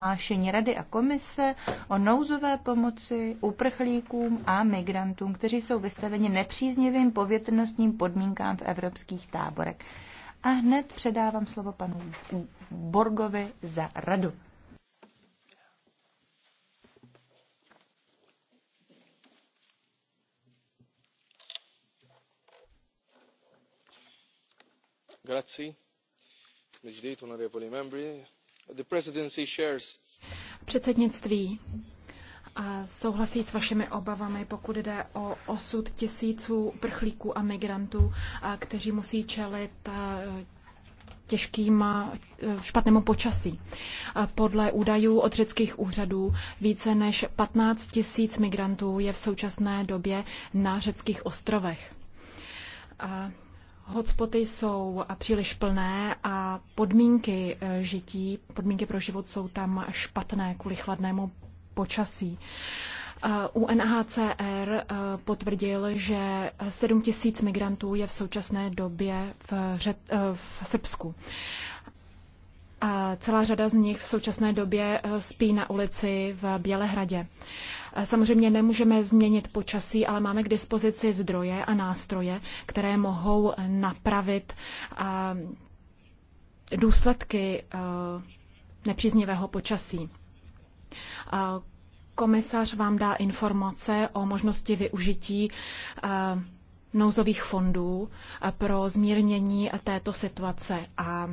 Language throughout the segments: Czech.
prohlášení Rady a Komise o nouzové pomoci uprchlíkům a migrantům, kteří jsou vystaveni nepříznivým povětrnostním podmínkám v evropských táborech. A hned předávám slovo panu Borgovi za radu. Grazie. Onorevoli membri, Předsednictví souhlasí s vašimi obavami, pokud jde o osud tisíců prchlíků a migrantů, kteří musí čelit těžkým špatnému počasí. Podle údajů od řeckých úřadů více než 15 tisíc migrantů je v současné době na řeckých ostrovech. Hotspoty jsou příliš plné a podmínky eh, žití, podmínky pro život jsou tam špatné kvůli chladnému počasí. Eh, UNHCR eh, potvrdil, že 7 tisíc migrantů je v současné době v, Řet, v Srbsku. A celá řada z nich v současné době spí na ulici v Bělehradě. Samozřejmě nemůžeme změnit počasí, ale máme k dispozici zdroje a nástroje, které mohou napravit důsledky nepříznivého počasí. Komisař vám dá informace o možnosti využití nouzových fondů pro zmírnění této situace a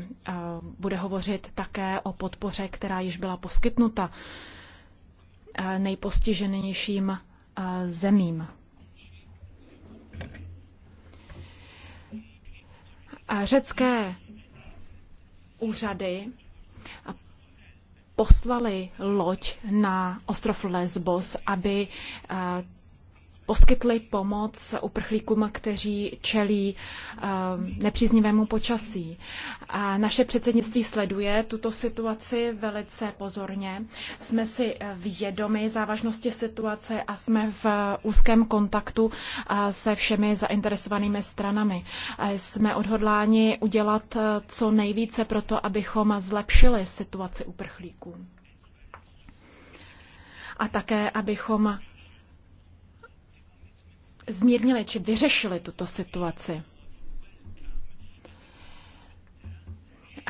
bude hovořit také o podpoře, která již byla poskytnuta nejpostiženějším eh, zemím. A řecké úřady poslali loď na ostrov Lesbos, aby eh, poskytli pomoc uprchlíkům, kteří čelí eh, nepříznivému počasí. A naše předsednictví sleduje tuto situaci velice pozorně. Jsme si eh, vědomi závažnosti situace a jsme v eh, úzkém kontaktu se všemi zainteresovanými stranami. Jsme odhodláni udělat co nejvíce pro to, abychom zlepšili situaci uprchlíků. A také, abychom zmírnili či vyřešili tuto situaci.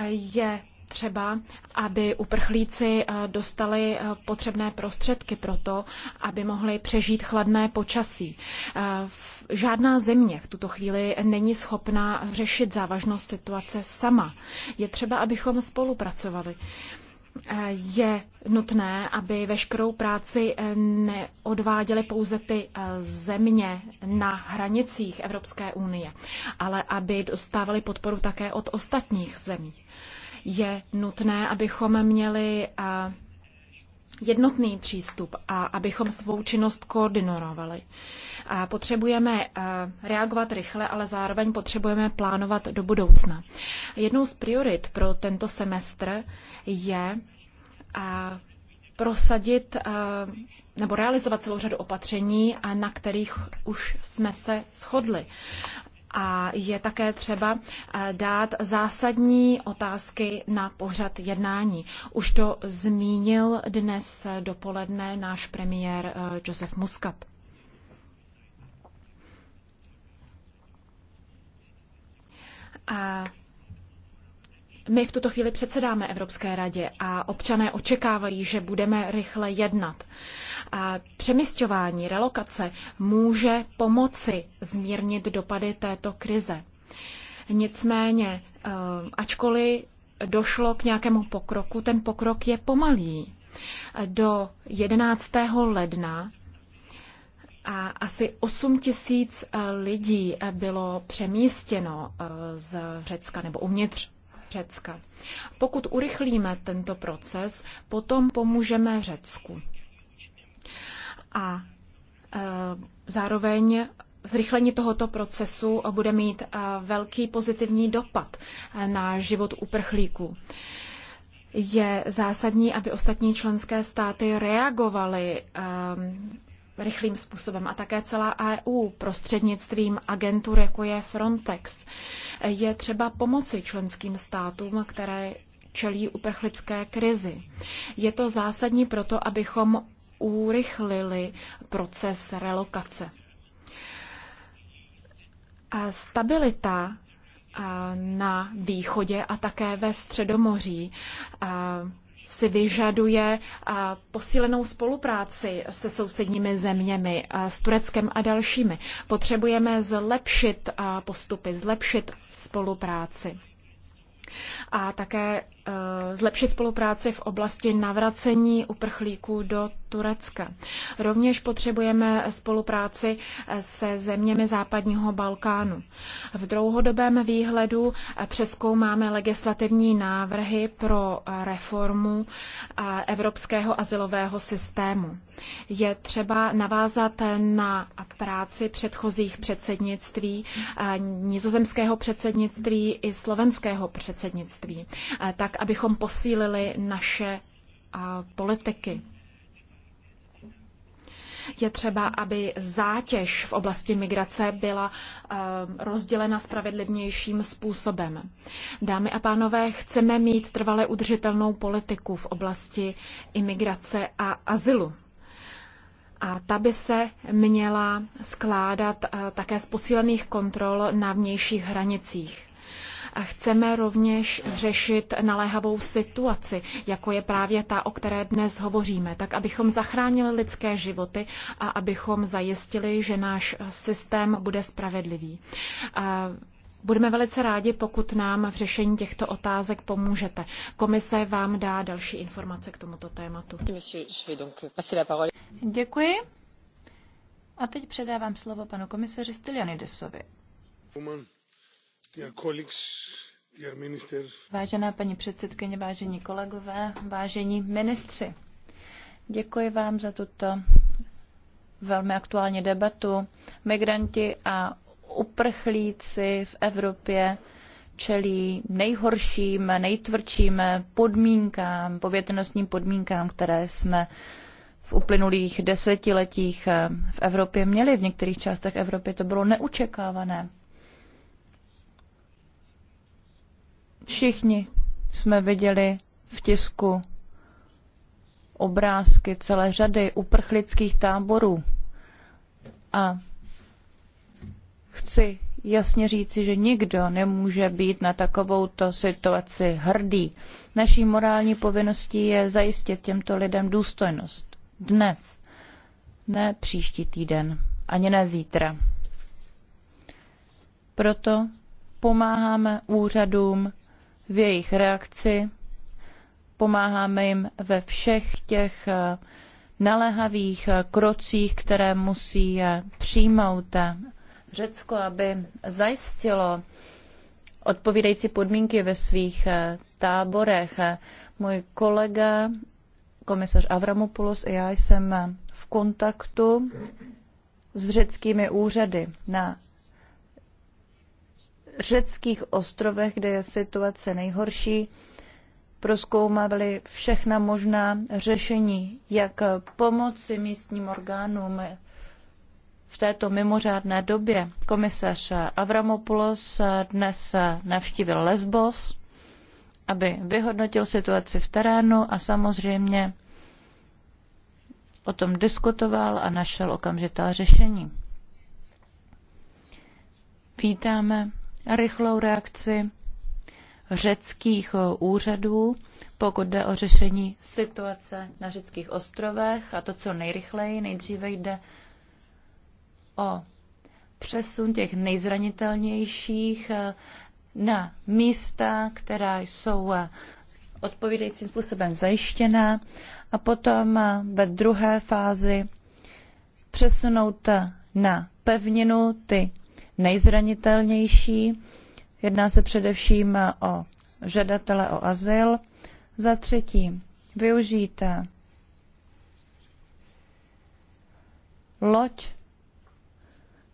Je třeba, aby uprchlíci eh, dostali eh, potřebné prostředky pro to, aby mohli přežít chladné počasí. Eh, žádná země v tuto chvíli není schopná řešit závažnost situace sama. Je třeba, abychom spolupracovali je nutné, aby veškerou práci eh, neodváděly pouze ty eh, země na hranicích Evropské unie, ale aby dostávali podporu také od ostatních zemí. Je nutné, abychom měli eh, jednotný přístup a abychom svou činnost koordinovali. A potřebujeme eh, reagovat rychle, ale zároveň potřebujeme plánovat do budoucna. Jednou z priorit pro tento semestr je eh, prosadit eh, nebo realizovat celou řadu opatření, na kterých už jsme se shodli a je také třeba eh, dát zásadní otázky na pořad jednání. Už to zmínil dnes dopoledne náš premiér eh, Josef Muscat. A my v tuto chvíli předsedáme Evropské radě a občané očekávají, že budeme rychle jednat. A přemysťování, relokace může pomoci zmírnit dopady této krize. Nicméně, eh, ačkoliv došlo k nějakému pokroku, ten pokrok je pomalý. Do 11. ledna a asi 8 tisíc eh, lidí eh, bylo přemístěno z Řecka nebo uvnitř Řecka. Pokud urychlíme tento proces, potom pomůžeme Řecku. A e, zároveň zrychlení tohoto procesu bude mít e, velký pozitivní dopad e, na život uprchlíků. Je zásadní, aby ostatní členské státy reagovaly e, rychlým způsobem a také celá EU prostřednictvím agentur, jako je Frontex. Je třeba pomoci členským státům, které čelí uprchlické krizi. Je to zásadní proto, abychom urychlili proces relokace. A stabilita na východě a také ve středomoří si vyžaduje posílenou spolupráci se sousedními zeměmi, s Tureckem a dalšími. Potřebujeme zlepšit postupy, zlepšit spolupráci. A také Eh, zlepšit spolupráci v oblasti navracení uprchlíků do Turecka. Rovněž potřebujeme spolupráci eh, se zeměmi západního Balkánu. V dlouhodobém výhledu eh, přeskoumáme legislativní návrhy pro reformu evropského asilového systému. Je třeba navázat na práci předchozích předsednictví, nizozemského předsednictví i slovenského předsednictví. Tak abychom posílili naše politiky. Je třeba, aby zátěž v oblasti migrace byla rozdělena spravedlivnějším způsobem. Dámy a pánové, chceme mít trvale udržitelnou politiku v oblasti imigrace a azylu. A ta by se měla skládat také z posílených kontrol na vnějších hranicích. Chceme rovněž řešit naléhavou situaci, jako je právě ta, o které dnes hovoříme, tak abychom zachránili lidské životy a abychom zajistili, že náš systém bude spravedlivý. Budeme velice rádi, pokud nám v řešení těchto otázek pomůžete. Komise vám dá další informace k tomuto tématu. Děkuji. A teď předávám slovo panu komisaři Stylianidesovi. Woman. Vážená paní předsedkyně, vážení kolegové, vážení ministři, děkuji vám za tuto velmi aktuální debatu. Migranti a uprchlíci v Evropě čelí nejhorším, nejtvrdším podmínkám, povětrnostním podmínkám, které jsme v uplynulých desetiletích v Evropě měli. V některých částech Evropy to bylo neočekávané. Všichni jsme viděli v tisku obrázky celé řady uprchlických táborů. A chci jasně říci, že nikdo nemůže být na takovouto situaci hrdý. Naší morální povinností je zajistit těmto lidem důstojnost. Dnes, ne příští týden, ani ne zítra. Proto pomáháme úřadům v jejich reakci, pomáháme jim ve všech těch eh, naléhavých eh, krocích, které musí eh, přijmout Řecko, aby zajistilo odpovídající podmínky ve svých táborech. Můj kolega, komisař Avramopoulos a já jsem v kontaktu s řeckými úřady na řeckých ostrovech, kde je situace nejhorší, proskoumali všechna možná řešení, jak pomoci místním orgánům v této mimořádné době. Komisař Avramopoulos dnes navštívil Lesbos, aby vyhodnotil situaci v terénu a samozřejmě o tom diskutoval a našel okamžitá řešení. Vítáme rychlou reakci řeckých eh, úřadů, pokud jde o řešení situace na řeckých ostrovech a to, co nejrychleji, nejdříve jde o přesun těch nejzranitelnějších eh, na místa, která jsou eh, odpovídajícím způsobem zajištěná a potom ve druhé fázi přesunout na pevninu ty nejzranitelnější. Jedná se především o žadatele o azyl. Za třetí, využít loď,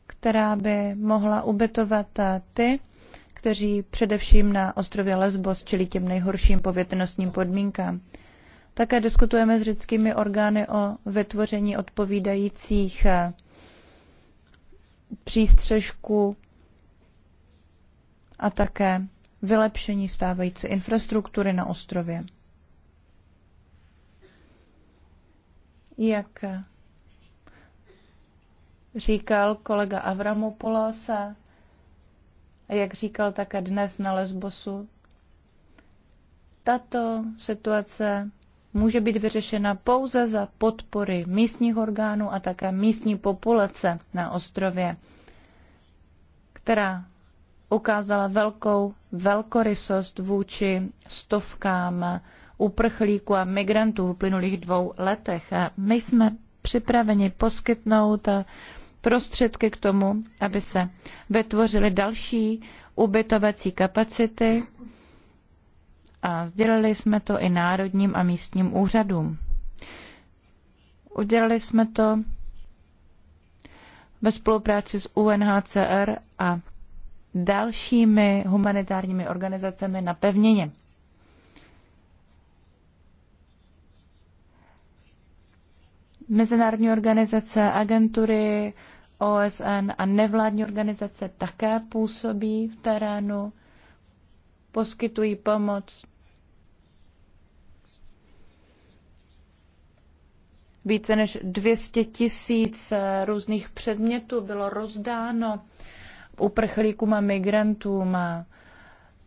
která by mohla ubytovat ty, kteří především na ostrově Lesbos čelí těm nejhorším povětrnostním podmínkám. Také diskutujeme s řeckými orgány o vytvoření odpovídajících přístřežku a také vylepšení stávající infrastruktury na ostrově. Jak říkal kolega Avramopoulos a jak říkal také dnes na Lesbosu, tato situace může být vyřešena pouze za podpory místních orgánů a také místní populace na ostrově, která ukázala velkou velkorysost vůči stovkám uprchlíků a migrantů v uplynulých dvou letech. A my jsme připraveni poskytnout prostředky k tomu, aby se vytvořily další ubytovací kapacity a sdělili jsme to i národním a místním úřadům. Udělali jsme to ve spolupráci s UNHCR a dalšími humanitárními organizacemi na pevnině. Mezinárodní organizace, agentury OSN a nevládní organizace také působí v terénu, poskytují pomoc Více než 200 tisíc eh, různých předmětů bylo rozdáno uprchlíkům a migrantům.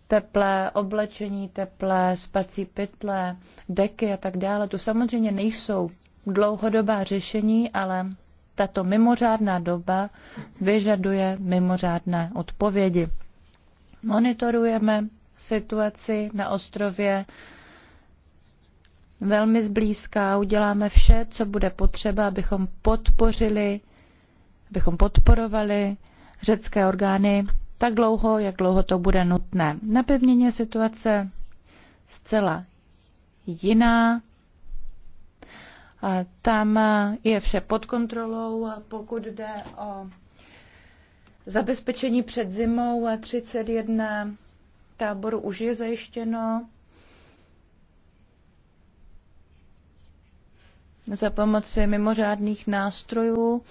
Teplé oblečení, teplé spací pytle, deky a tak dále. To samozřejmě nejsou dlouhodobá řešení, ale tato mimořádná doba vyžaduje mimořádné odpovědi. Monitorujeme situaci na ostrově velmi zblízka, uděláme vše, co bude potřeba, abychom podpořili, abychom podporovali řecké orgány tak dlouho, jak dlouho to bude nutné. Na situace zcela jiná. A tam je vše pod kontrolou, pokud jde o zabezpečení před zimou 31 táboru už je zajištěno za pomoci mimořádných nástrojů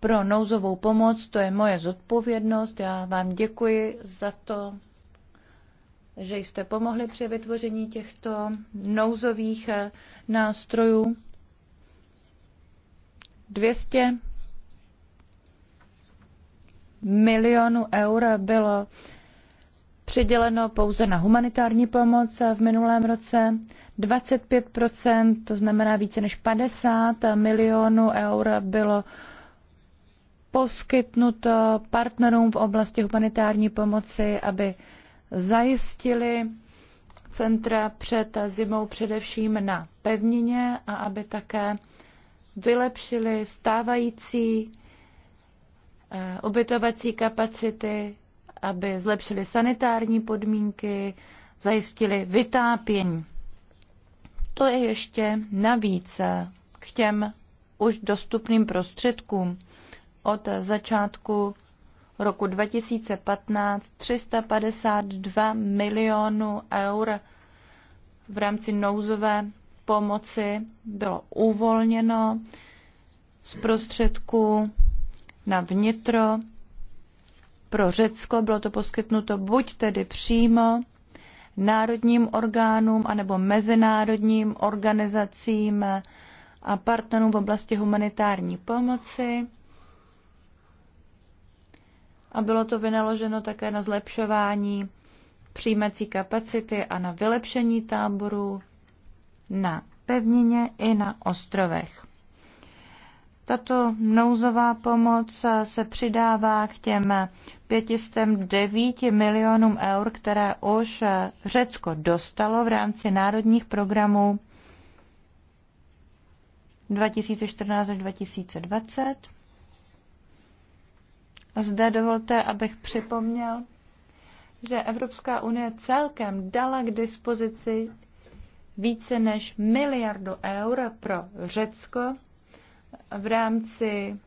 pro nouzovou pomoc. To je moje zodpovědnost. Já vám děkuji za to, že jste pomohli při vytvoření těchto nouzových eh, nástrojů. 200 milionů eur bylo přiděleno pouze na humanitární pomoc v minulém roce. 25 to znamená více než 50 milionů eur bylo poskytnuto partnerům v oblasti humanitární pomoci, aby zajistili centra před zimou především na pevnině a aby také vylepšili stávající eh, ubytovací kapacity, aby zlepšili sanitární podmínky, zajistili vytápění. To je ještě navíc k těm už dostupným prostředkům. Od začátku roku 2015 352 milionů eur v rámci nouzové pomoci bylo uvolněno z prostředků na vnitro pro Řecko. Bylo to poskytnuto buď tedy přímo národním orgánům anebo mezinárodním organizacím a partnerům v oblasti humanitární pomoci. A bylo to vynaloženo také na zlepšování přijímací kapacity a na vylepšení táborů na pevnině i na ostrovech. Tato nouzová pomoc se přidává k těm 509 milionům eur, které už Řecko dostalo v rámci národních programů 2014 až 2020. A zde dovolte, abych připomněl, že Evropská unie celkem dala k dispozici více než miliardu eur pro Řecko v rámci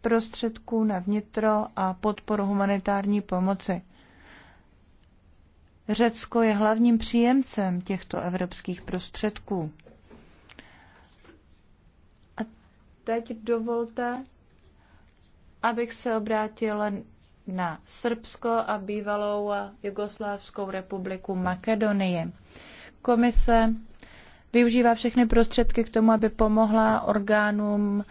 prostředků na vnitro a podporu humanitární pomoci. Řecko je hlavním příjemcem těchto evropských prostředků. A teď dovolte, abych se obrátila na Srbsko a bývalou Jugoslávskou republiku Makedonie. Komise využívá všechny prostředky k tomu, aby pomohla orgánům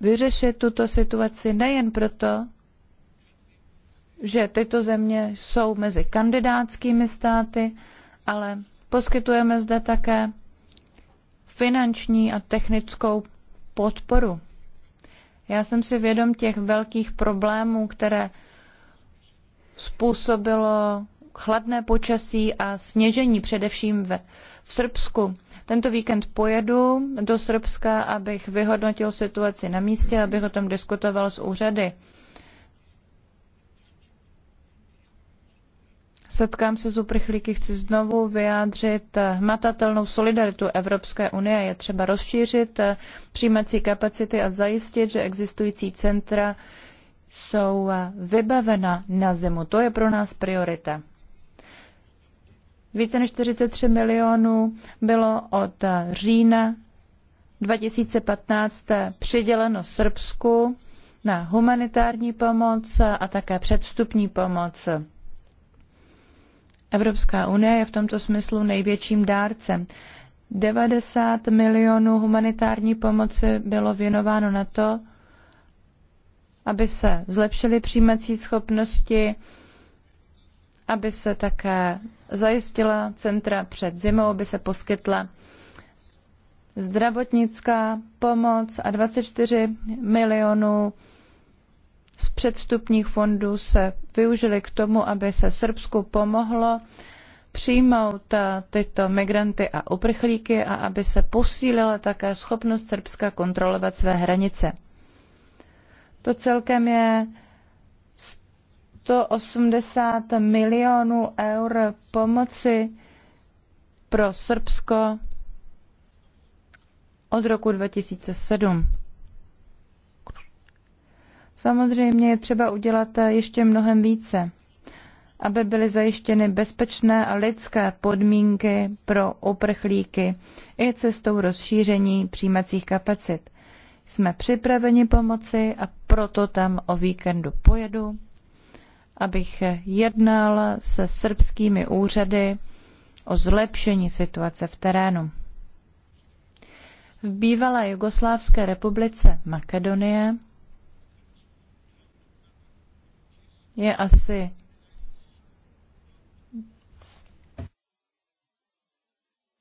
vyřešit tuto situaci nejen proto, že tyto země jsou mezi kandidátskými státy, ale poskytujeme zde také finanční a technickou podporu. Já jsem si vědom těch velkých problémů, které způsobilo chladné počasí a sněžení především ve, v Srbsku. Tento víkend pojedu do Srbska, abych vyhodnotil situaci na místě, abych o tom diskutoval s úřady. Setkám se s uprchlíky, chci znovu vyjádřit hmatatelnou solidaritu Evropské unie. Je třeba rozšířit přijímací kapacity a zajistit, že existující centra jsou vybavena na zimu. To je pro nás priorita. Více než 43 milionů bylo od října 2015 přiděleno Srbsku na humanitární pomoc a také předstupní pomoc. Evropská unie je v tomto smyslu největším dárcem. 90 milionů humanitární pomoci bylo věnováno na to, aby se zlepšily přijímací schopnosti aby se také zajistila centra před zimou, aby se poskytla zdravotnická pomoc a 24 milionů z předstupních fondů se využili k tomu, aby se Srbsku pomohlo přijmout eh, tyto migranty a uprchlíky a aby se posílila také schopnost Srbska kontrolovat své hranice. To celkem je 180 milionů eur pomoci pro Srbsko od roku 2007. Samozřejmě je třeba udělat ještě mnohem více, aby byly zajištěny bezpečné a lidské podmínky pro uprchlíky i cestou rozšíření přijímacích kapacit. Jsme připraveni pomoci a proto tam o víkendu pojedu abych jednal se srbskými úřady o zlepšení situace v terénu. V bývalé Jugoslávské republice Makedonie je asi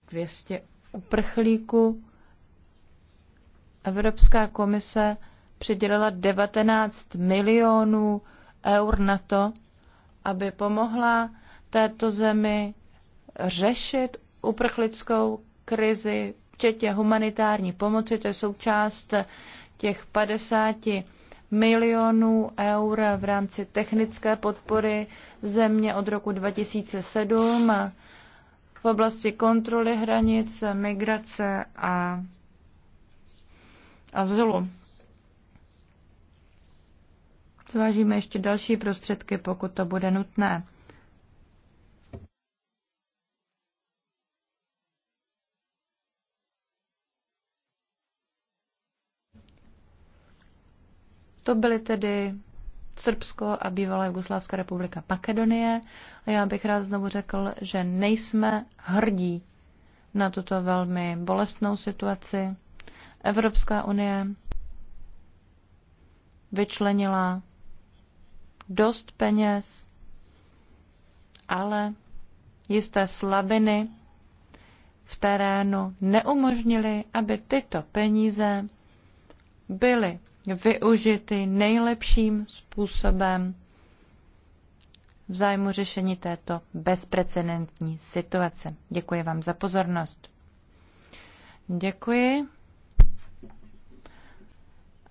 dvěstě uprchlíků. Evropská komise přidělila 19 milionů eur na to, aby pomohla této zemi řešit uprchlickou krizi, včetně humanitární pomoci. To je součást těch 50 milionů eur v rámci technické podpory země od roku 2007 v oblasti kontroly hranic, migrace a azylu. Zvážíme ještě další prostředky, pokud to bude nutné. To byly tedy Srbsko a bývalá Jugoslávská republika Makedonie. A já bych rád znovu řekl, že nejsme hrdí na tuto velmi bolestnou situaci. Evropská unie vyčlenila dost peněz, ale jisté slabiny v terénu neumožnily, aby tyto peníze byly využity nejlepším způsobem v zájmu řešení této bezprecedentní situace. Děkuji vám za pozornost. Děkuji.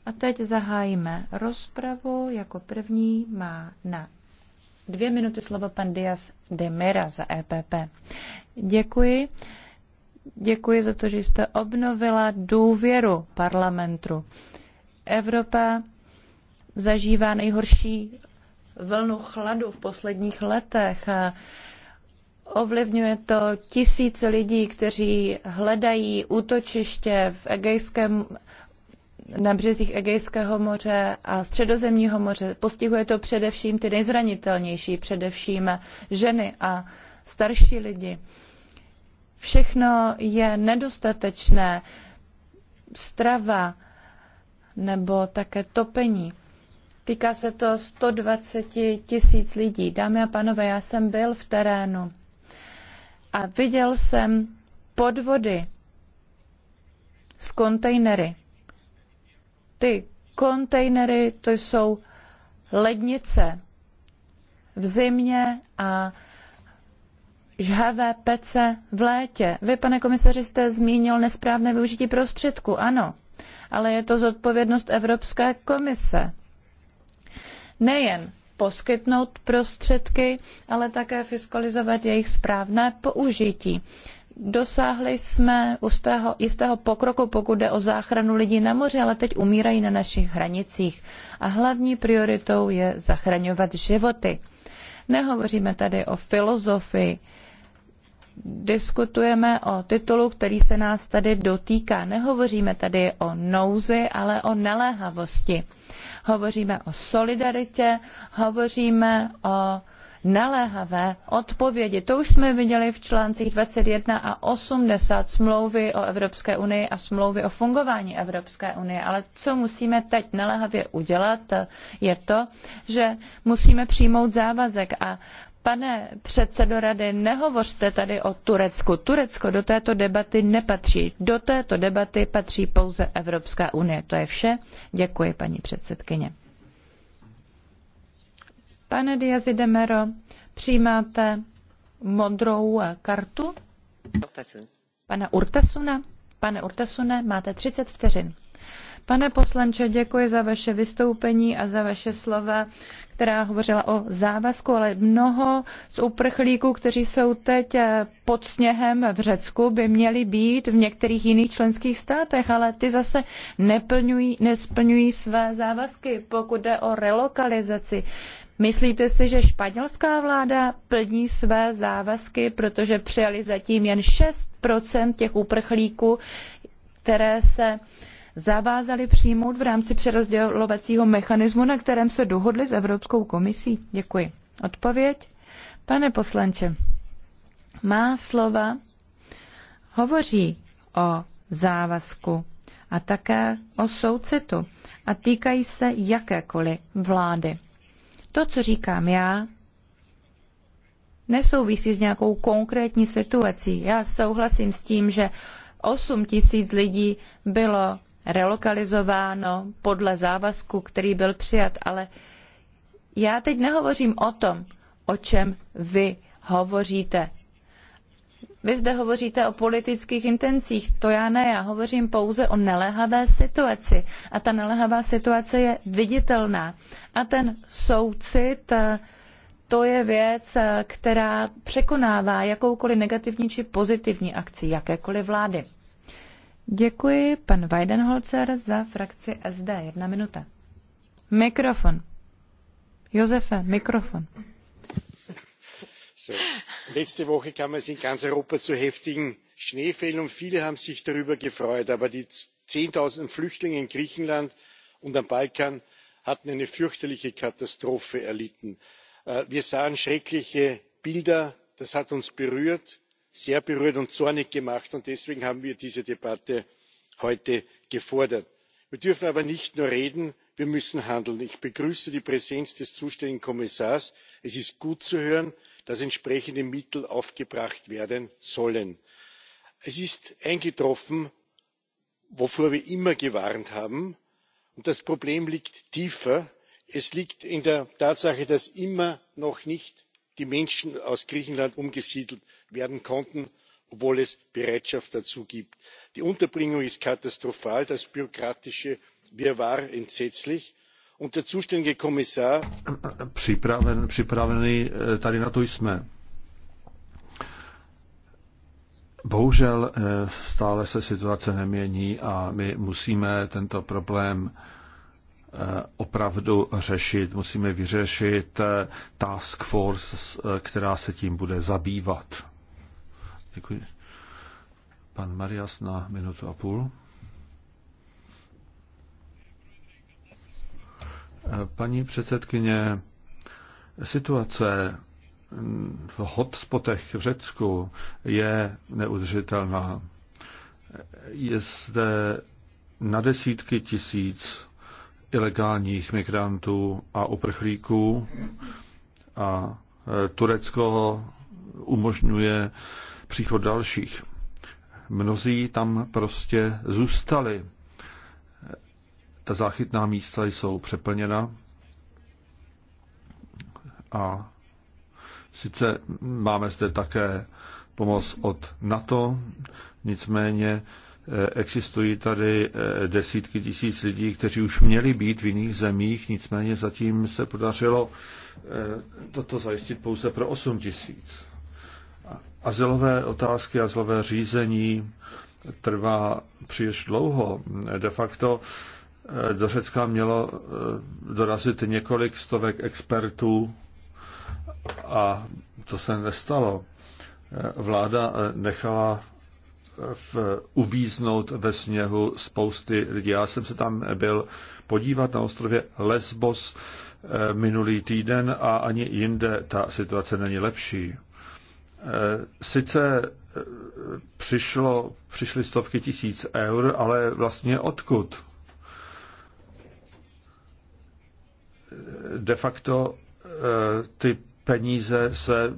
A teď zahájíme rozpravu. Jako první má na dvě minuty slovo pan Diaz de Mera za EPP. Děkuji. Děkuji za to, že jste obnovila důvěru parlamentu. Evropa zažívá nejhorší vlnu chladu v posledních letech. Ovlivňuje to tisíce lidí, kteří hledají útočiště v Egejském na březích Egejského moře a Středozemního moře. Postihuje to především ty nejzranitelnější, především ženy a starší lidi. Všechno je nedostatečné, strava nebo také topení. Týká se to 120 tisíc lidí. Dámy a pánové, já jsem byl v terénu a viděl jsem podvody s kontejnery ty kontejnery, to jsou lednice v zimě a žhavé pece v létě. Vy, pane komisaři, jste zmínil nesprávné využití prostředku, ano, ale je to zodpovědnost Evropské komise. Nejen poskytnout prostředky, ale také fiskalizovat jejich správné použití. Dosáhli jsme jistého, pokroku, pokud jde o záchranu lidí na moři, ale teď umírají na našich hranicích. A hlavní prioritou je zachraňovat životy. Nehovoříme tady o filozofii, diskutujeme o titulu, který se nás tady dotýká. Nehovoříme tady o nouzi, ale o naléhavosti. Hovoříme o solidaritě, hovoříme o naléhavé odpovědi. To už jsme viděli v článcích 21 a 80 smlouvy o Evropské unii a smlouvy o fungování Evropské unie. Ale co musíme teď naléhavě udělat, je to, že musíme přijmout závazek a Pane předsedo rady, nehovořte tady o Turecku. Turecko do této debaty nepatří. Do této debaty patří pouze Evropská unie. To je vše. Děkuji, paní předsedkyně. Pane Diazi Demero, přijímáte modrou eh, kartu? Pana Urtasuna? Pane Urtasune, máte 30 vteřin. Pane poslanče, děkuji za vaše vystoupení a za vaše slova, která hovořila o závazku, ale mnoho z uprchlíků, kteří jsou teď eh, pod sněhem v Řecku, by měli být v některých jiných členských státech, ale ty zase neplňují, nesplňují své závazky, pokud jde o relokalizaci. Myslíte si, že španělská vláda plní své závazky, protože přijali zatím jen six těch uprchlíků, které se zavázali přijmout v rámci přerozdělovacího mechanismu, na kterém se dohodly s Evropskou komisí? Děkuji. Odpověď? Pane poslanče, má slova hovoří o závazku a také o soucitu a týkají se jakékoliv vlády. To, co říkám já, nesouvisí s nějakou konkrétní situací. Já souhlasím s tím, že 8 tisíc lidí bylo relokalizováno podle závazku, který byl přijat, ale já teď nehovořím o tom, o čem vy hovoříte. Vy zde hovoříte o politických intencích, to já ne, já hovořím pouze o nelehavé situaci. A ta nelehavá situace je viditelná. A ten soucit, eh, to je věc, eh, která překonává jakoukoliv negativní či pozitivní akci jakékoliv vlády. Děkuji, pan Weidenholzer za frakci SD. Jedna minuta. Mikrofon. Josefe, mikrofon letzte woche kam es in ganz europa zu heftigen schneefällen und viele haben sich darüber gefreut. aber die zehntausenden flüchtlinge in griechenland und am balkan hatten eine fürchterliche katastrophe erlitten. Äh, wir sahen schreckliche bilder das hat uns berührt sehr berührt und zornig gemacht und deswegen haben wir diese debatte heute gefordert. wir dürfen aber nicht nur reden wir müssen handeln. ich begrüße die präsenz des zuständigen kommissars es ist gut zu hören dass entsprechende mittel aufgebracht werden sollen. es ist eingetroffen wovor wir immer gewarnt haben und das problem liegt tiefer es liegt in der tatsache dass immer noch nicht die menschen aus griechenland umgesiedelt werden konnten obwohl es bereitschaft dazu gibt. die unterbringung ist katastrophal das bürokratische wirrwarr entsetzlich und der zuständige Kommissar. Připraven, eh, tady na to jsme. Bohužel eh, stále se situace nemění a my musíme tento problém eh, opravdu řešit. Musíme vyřešit task force, která se tím bude zabývat. Děkuji. Pan Marias na minutu a půl. Paní předsedkyně, situace v hotspotech v Řecku je neudržitelná. Je zde na desítky tisíc ilegálních migrantů a uprchlíků a Turecko umožňuje příchod dalších. Mnozí tam prostě zůstali ta záchytná místa jsou přeplněna a sice máme zde také pomoc od NATO, nicméně eh, existují tady eh, desítky tisíc lidí, kteří už měli být v jiných zemích, nicméně zatím se podařilo eh, toto zajistit pouze pro 8 tisíc. Azylové otázky, azylové řízení trvá příliš dlouho. De facto Eh, do Řecka mělo eh, dorazit několik stovek expertů a to se nestalo. Eh, vláda nechala v, uvíznout ve sněhu spousty lidí. Já jsem se tam byl podívat na ostrově Lesbos minulý týden a ani jinde ta situace není lepší. Sice přišlo, přišly stovky tisíc eur, ale vlastně odkud? de facto eh, ty peníze se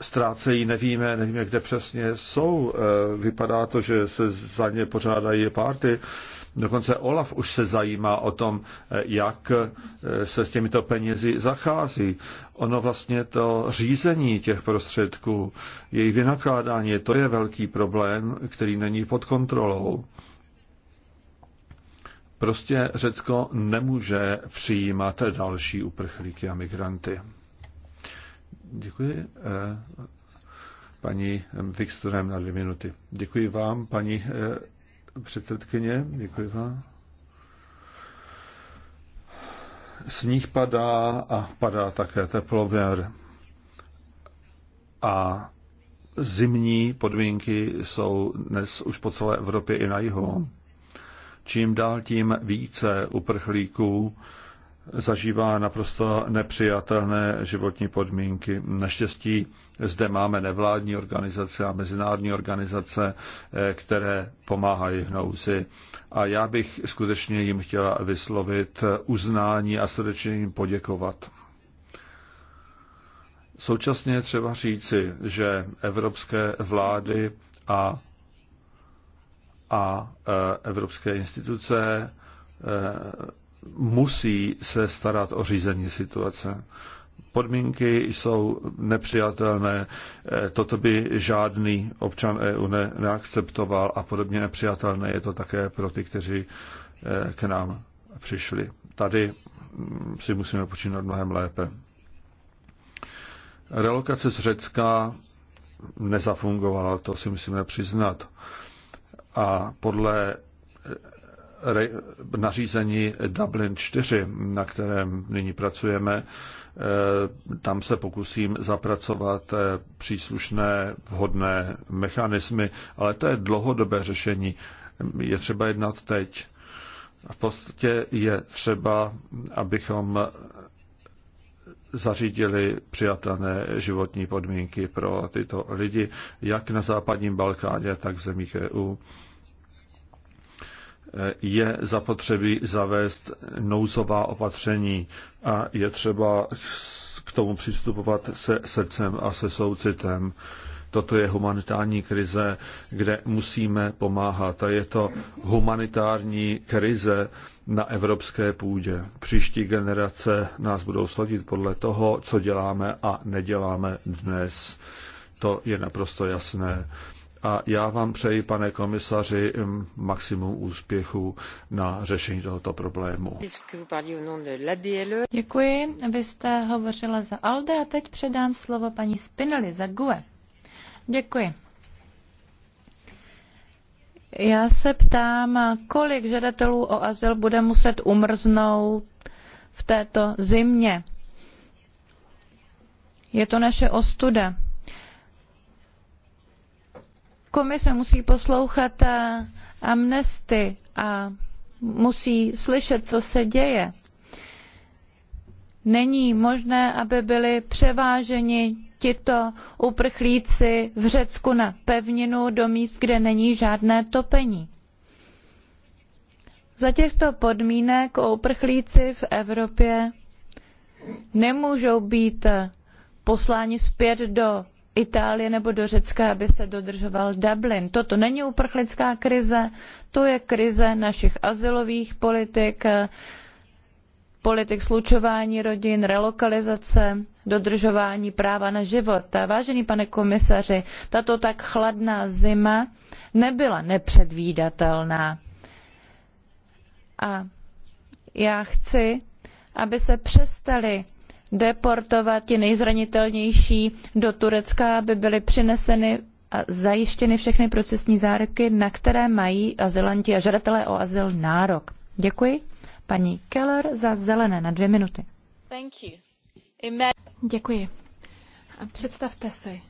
ztrácejí, nevíme, nevíme, kde přesně jsou. Eh, vypadá to, že se za ně pořádají párty. Dokonce Olaf už se zajímá o tom, eh, jak se s těmito penězi zachází. Ono vlastně to řízení těch prostředků, jejich vynakládání, to je velký problém, který není pod kontrolou. Prostě Řecko nemůže přijímat další uprchlíky a migranty. Děkuji. Eh, paní Wikström na dvě minuty. Děkuji vám, paní eh, předsedkyně. Děkuji vám. Sníh padá a padá také teplověr. A zimní podmínky jsou dnes už po celé Evropě i na jihu. Čím dál tím více uprchlíků zažívá naprosto nepřijatelné životní podmínky. Naštěstí zde máme nevládní organizace a mezinárodní organizace, eh, které pomáhají hnouzi. A já bych skutečně jim chtěla vyslovit uznání a srdečně jim poděkovat. Současně je třeba říci, že evropské vlády a a e, evropské instituce e, musí se starat o řízení situace. Podmínky jsou nepřijatelné, e, toto by žádný občan EU ne, neakceptoval a podobně nepřijatelné je to také pro ty, kteří k nám přišli. Tady mm, si musíme počínat mnohem lépe. Relokace z Řecka nezafungovala, to si musíme přiznat a podle eh, nařízení Dublin 4, na kterém nyní pracujeme, eh, tam se pokusím zapracovat eh, příslušné vhodné mechanismy, ale to je dlouhodobé řešení. Je třeba jednat teď. V podstatě je třeba, abychom zařídili přijatelné životní podmínky pro tyto lidi, jak na západním Balkáně, tak v zemích EU je zapotřebí zavést nouzová opatření a je třeba k tomu přistupovat se srdcem a se soucitem. Toto je humanitární krize, kde musíme pomáhat. A je to humanitární krize na evropské půdě. Příští generace nás budou sladit podle toho, co děláme a neděláme dnes. To je naprosto jasné a já vám přeji, pane komisaři, maximum úspěchu na řešení tohoto problému. Děkuji. Vy jste hovořila za ALDE a teď předám slovo paní Spinelli za GUE. Děkuji. Já se ptám, kolik žadatelů o azyl bude muset umrznout v této zimě. Je to naše ostuda komise musí poslouchat eh, amnesty a musí slyšet, co se děje. Není možné, aby byli převáženi tito uprchlíci v Řecku na pevninu do míst, kde není žádné topení. Za těchto podmínek o uprchlíci v Evropě nemůžou být posláni zpět do Itálie nebo do Řecka, aby se dodržoval Dublin. Toto není uprchlická krize, to je krize našich azylových politik, politik slučování rodin, relokalizace, dodržování práva na život. vážený pane komisaři, tato tak chladná zima nebyla nepředvídatelná. A já chci, aby se přestaly deportovat ti nejzranitelnější do Turecka, aby byly přineseny a zajištěny všechny procesní záruky, na které mají azylanti a žadatelé o azyl nárok. Děkuji. Paní Keller za zelené na dvě minuty. Děkuji. Představte si,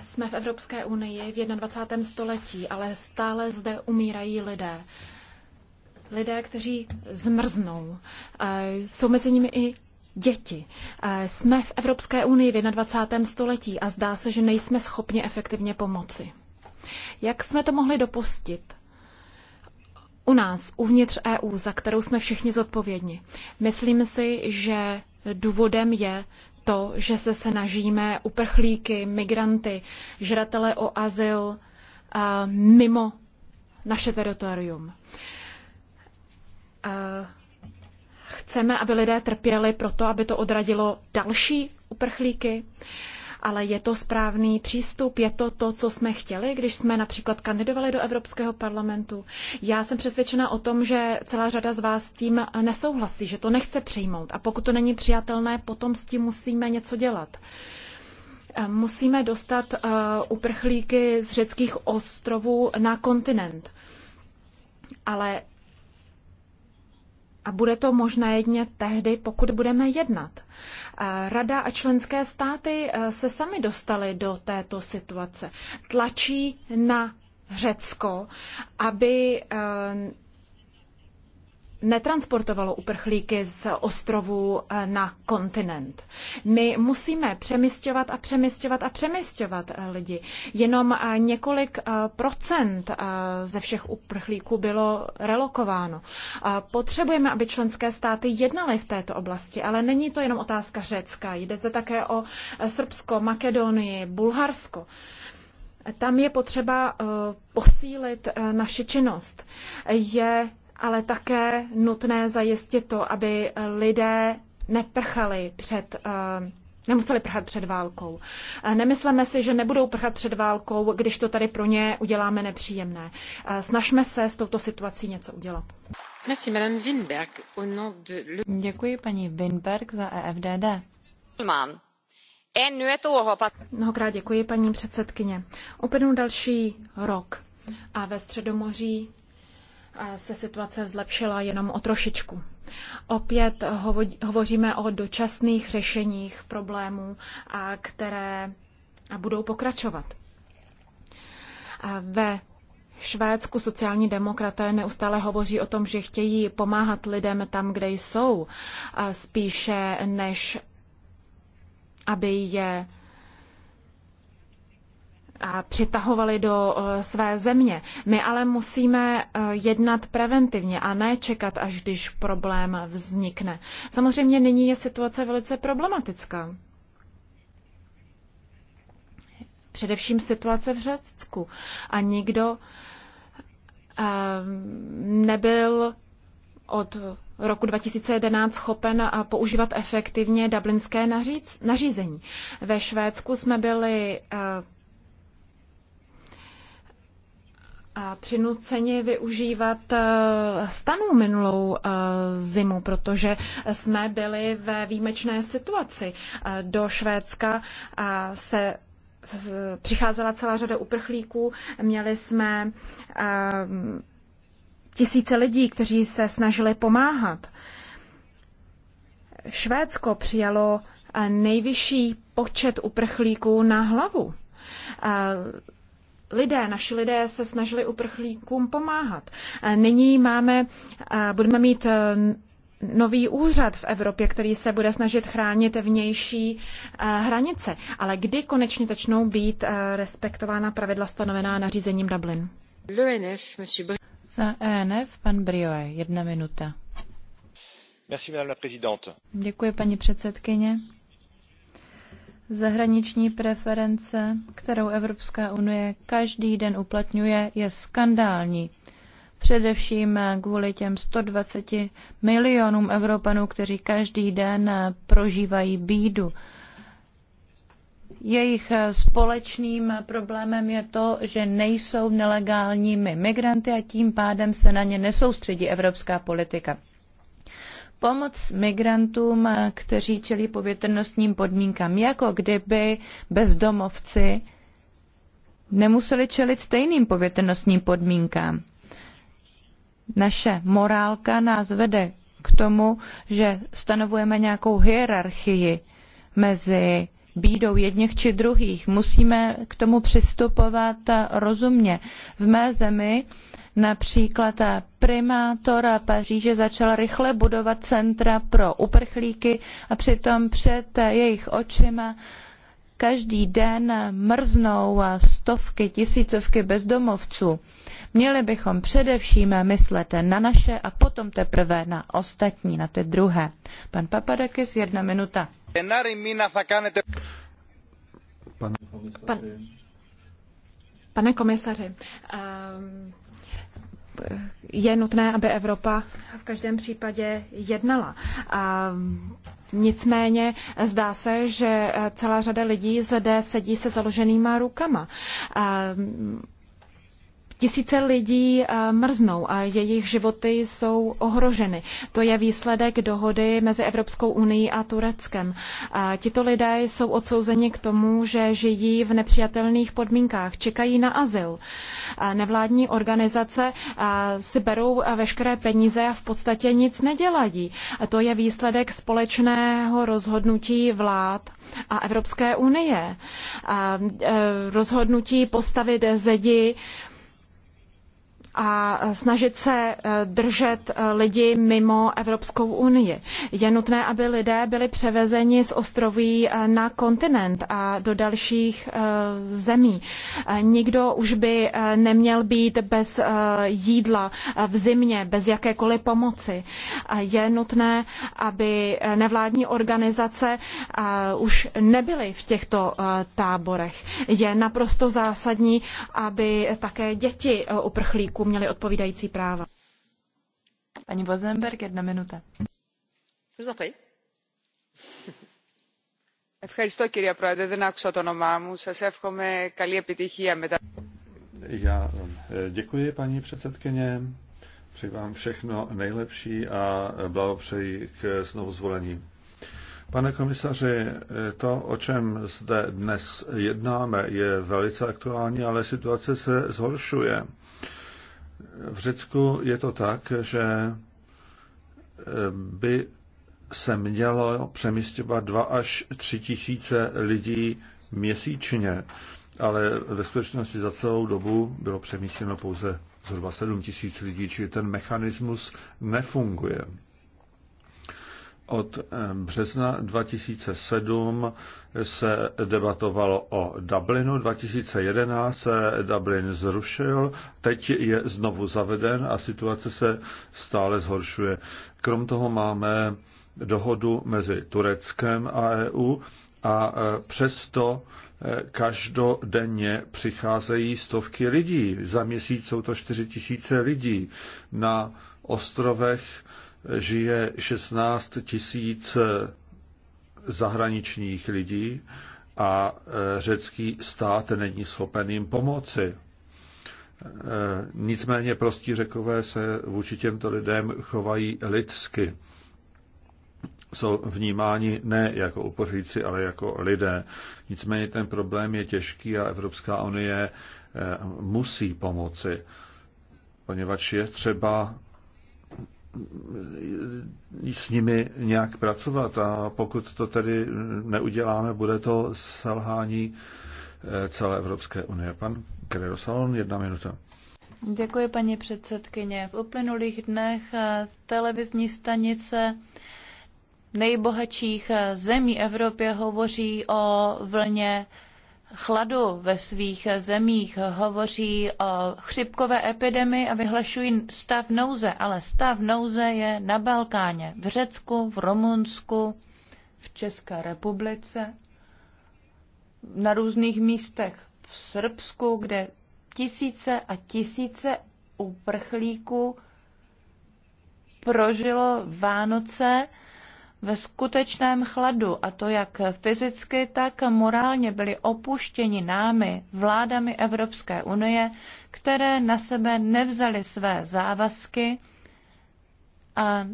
jsme v Evropské unii v 21. století, ale stále zde umírají lidé lidé, kteří zmrznou. Eh, jsou mezi nimi i děti. Eh, jsme v Evropské unii v 21. století a zdá se, že nejsme schopni efektivně pomoci. Jak jsme to mohli dopustit? U nás, uvnitř EU, za kterou jsme všichni zodpovědni, Myslím si, že důvodem je to, že se snažíme uprchlíky, migranty, žratele o azyl eh, mimo naše teritorium. Eh, chceme, aby lidé trpěli proto, aby to odradilo další uprchlíky, ale je to správný přístup, je to to, co jsme chtěli, když jsme například kandidovali do Evropského parlamentu. Já jsem přesvědčena o tom, že celá řada z vás s tím nesouhlasí, že to nechce přijmout a pokud to není přijatelné, potom s tím musíme něco dělat. Eh, musíme dostat eh, uprchlíky z řeckých ostrovů na kontinent. Ale a bude to možné jedně tehdy, pokud budeme jednat. Rada a členské státy e, se sami dostaly do této situace. Tlačí na Řecko, aby e, netransportovalo uprchlíky z ostrovů eh, na kontinent. My musíme přemysťovat a přemysťovat a přemysťovat eh, lidi. Jenom eh, několik procent ze všech uprchlíků bylo relokováno. Potřebujeme, aby členské státy jednaly v této oblasti, ale není to jenom otázka Řecka. Jde zde také o Srbsko, Makedonii, Bulharsko. Tam je potřeba posílit naši činnost. Je ale také nutné zajistit to, aby lidé neprchali před eh, Nemuseli prchat před válkou. Eh, nemysleme si, že nebudou prchat před válkou, když to tady pro ně uděláme nepříjemné. Eh, snažme se s touto situací něco udělat. Winberg. Děkuji paní Winberg za EFDD. Mnohokrát děkuji, paní předsedkyně. Uplynul další rok a ve Středomoří se situace zlepšila jenom o trošičku. Opět hovoříme o dočasných řešeních problémů, které budou pokračovat. Ve Švédsku sociální demokraté neustále hovoří o tom, že chtějí pomáhat lidem tam, kde jsou, spíše než aby je přitahovali do eh, své země. My ale musíme eh, jednat preventivně a ne čekat, až když problém vznikne. Samozřejmě nyní je situace velice problematická. Především situace v Řecku. A nikdo eh, nebyl od roku 2011 schopen používat efektivně dublinské nařízení. Ve Švédsku jsme byli A přinuceni využívat eh, stanů minulou eh, zimu, protože jsme byli ve výjimečné situaci. Eh, do Švédska se přicházela celá řada uprchlíků, měli jsme tisíce lidí, kteří se snažili pomáhat. Švédsko přijalo nejvyšší počet uprchlíků na hlavu lidé, naši lidé se snažili uprchlíkům pomáhat. Nyní máme, budeme mít e, nový úřad v Evropě, který se bude snažit chránit vnější e, hranice. Ale kdy konečně začnou být e, respektována pravidla stanovená nařízením Dublin? Za ENF pan Brioe, jedna minuta. Merci, madame la présidente. Děkuji, paní předsedkyně zahraniční preference, kterou Evropská unie každý den uplatňuje, je skandální. Především kvůli těm 120 milionům Evropanů, kteří každý den prožívají bídu. Jejich společným problémem je to, že nejsou nelegálními migranty a tím pádem se na ně nesoustředí evropská politika pomoc migrantům, kteří čelí povětrnostním podmínkám, jako kdyby bezdomovci nemuseli čelit stejným povětrnostním podmínkám. Naše morálka nás vede k tomu, že stanovujeme nějakou hierarchii mezi bídou jedněch či druhých. Musíme k tomu přistupovat rozumně. V mé zemi Například primátor Paříže začal rychle budovat centra pro uprchlíky a přitom před jejich očima každý den mrznou stovky, tisícovky bezdomovců. Měli bychom především myslet na naše a potom teprve na ostatní, na ty druhé. Pan Papadakis, jedna minuta. Pan, Pan, pane komisaři, um je nutné, aby Evropa v každém případě jednala. A mm, nicméně zdá se, že eh, celá řada lidí zde sedí se založenýma rukama. A mm, Tisíce lidí eh, mrznou a jejich životy jsou ohroženy. To je výsledek dohody mezi Evropskou unii a Tureckem. tito lidé jsou odsouzeni k tomu, že žijí v nepřijatelných podmínkách, čekají na azyl. nevládní organizace si berou eh, veškeré peníze a v podstatě nic nedělají. to je výsledek společného rozhodnutí vlád a Evropské unie. Eh, rozhodnutí postavit zedi a snažit se eh, držet eh, lidi mimo Evropskou unii. Je nutné, aby lidé byli převezeni z ostroví eh, na kontinent a do dalších zemí. Nikdo už by neměl být bez jídla v zimě, bez jakékoliv pomoci. Je nutné, aby nevládní organizace už nebyly v těchto táborech. Je naprosto zásadní, aby také děti uprchlíků výrobků měli odpovídající práva. Paní Bozenberg, jedna minuta. Ευχαριστώ κυρία Πρόεδρε, δεν άκουσα το όνομά μου. Σας εύχομαι καλή επιτυχία μετά. Já děkuji, paní předsedkyně. Přeji vám všechno nejlepší a blahopřeji k znovu zvolení. Pane komisaři, to, o čem zde dnes jednáme, je velice aktuální, ale situace se zhoršuje. V Řecku je to tak, že eh, by se mělo přemístěvat 2 až 3 tisíce lidí měsíčně, ale ve skutečnosti za celou dobu bylo přemístěno pouze zhruba 7 tisíc lidí, čili ten mechanismus nefunguje. Od eh, března 2007 se debatovalo o Dublinu, 2011 se Dublin zrušil, teď je znovu zaveden a situace se stále zhoršuje. Krom toho máme dohodu mezi Tureckem a EU a eh, přesto eh, každodenně přicházejí stovky lidí. Za měsíc jsou to 4 tisíce lidí. Na ostrovech žije 16 tisíc eh, zahraničních lidí a eh, řecký stát není schopen jim pomoci. Eh, nicméně prostí řekové se vůči těmto lidem chovají lidsky. Jsou vnímáni ne jako uprchlíci, ale jako lidé. Nicméně ten problém je těžký a Evropská unie musí pomoci, poněvadž je třeba s nimi nějak pracovat a pokud to tedy neuděláme, bude to selhání eh, celé Evropské unie. Pan Kredosalon, Salon, jedna minuta. Děkuji, paní předsedkyně. V uplynulých dnech eh, televizní stanice nejbohatších eh, zemí Evropy hovoří o vlně chladu ve svých zemích, hovoří o chřipkové epidemii a vyhlašují stav nouze, ale stav nouze je na Balkáně, v Řecku, v Rumunsku, v České republice, na různých místech v Srbsku, kde tisíce a tisíce uprchlíků prožilo Vánoce ve skutečném chladu, a to jak fyzicky, tak morálně byli opuštěni námi, vládami Evropské unie, které na sebe nevzali své závazky a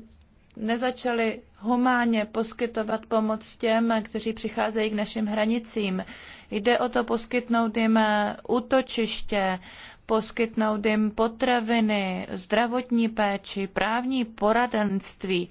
nezačali humánně poskytovat pomoc těm, kteří přicházejí k našim hranicím. Jde o to poskytnout jim útočiště, poskytnout jim potraviny, zdravotní péči, právní poradenství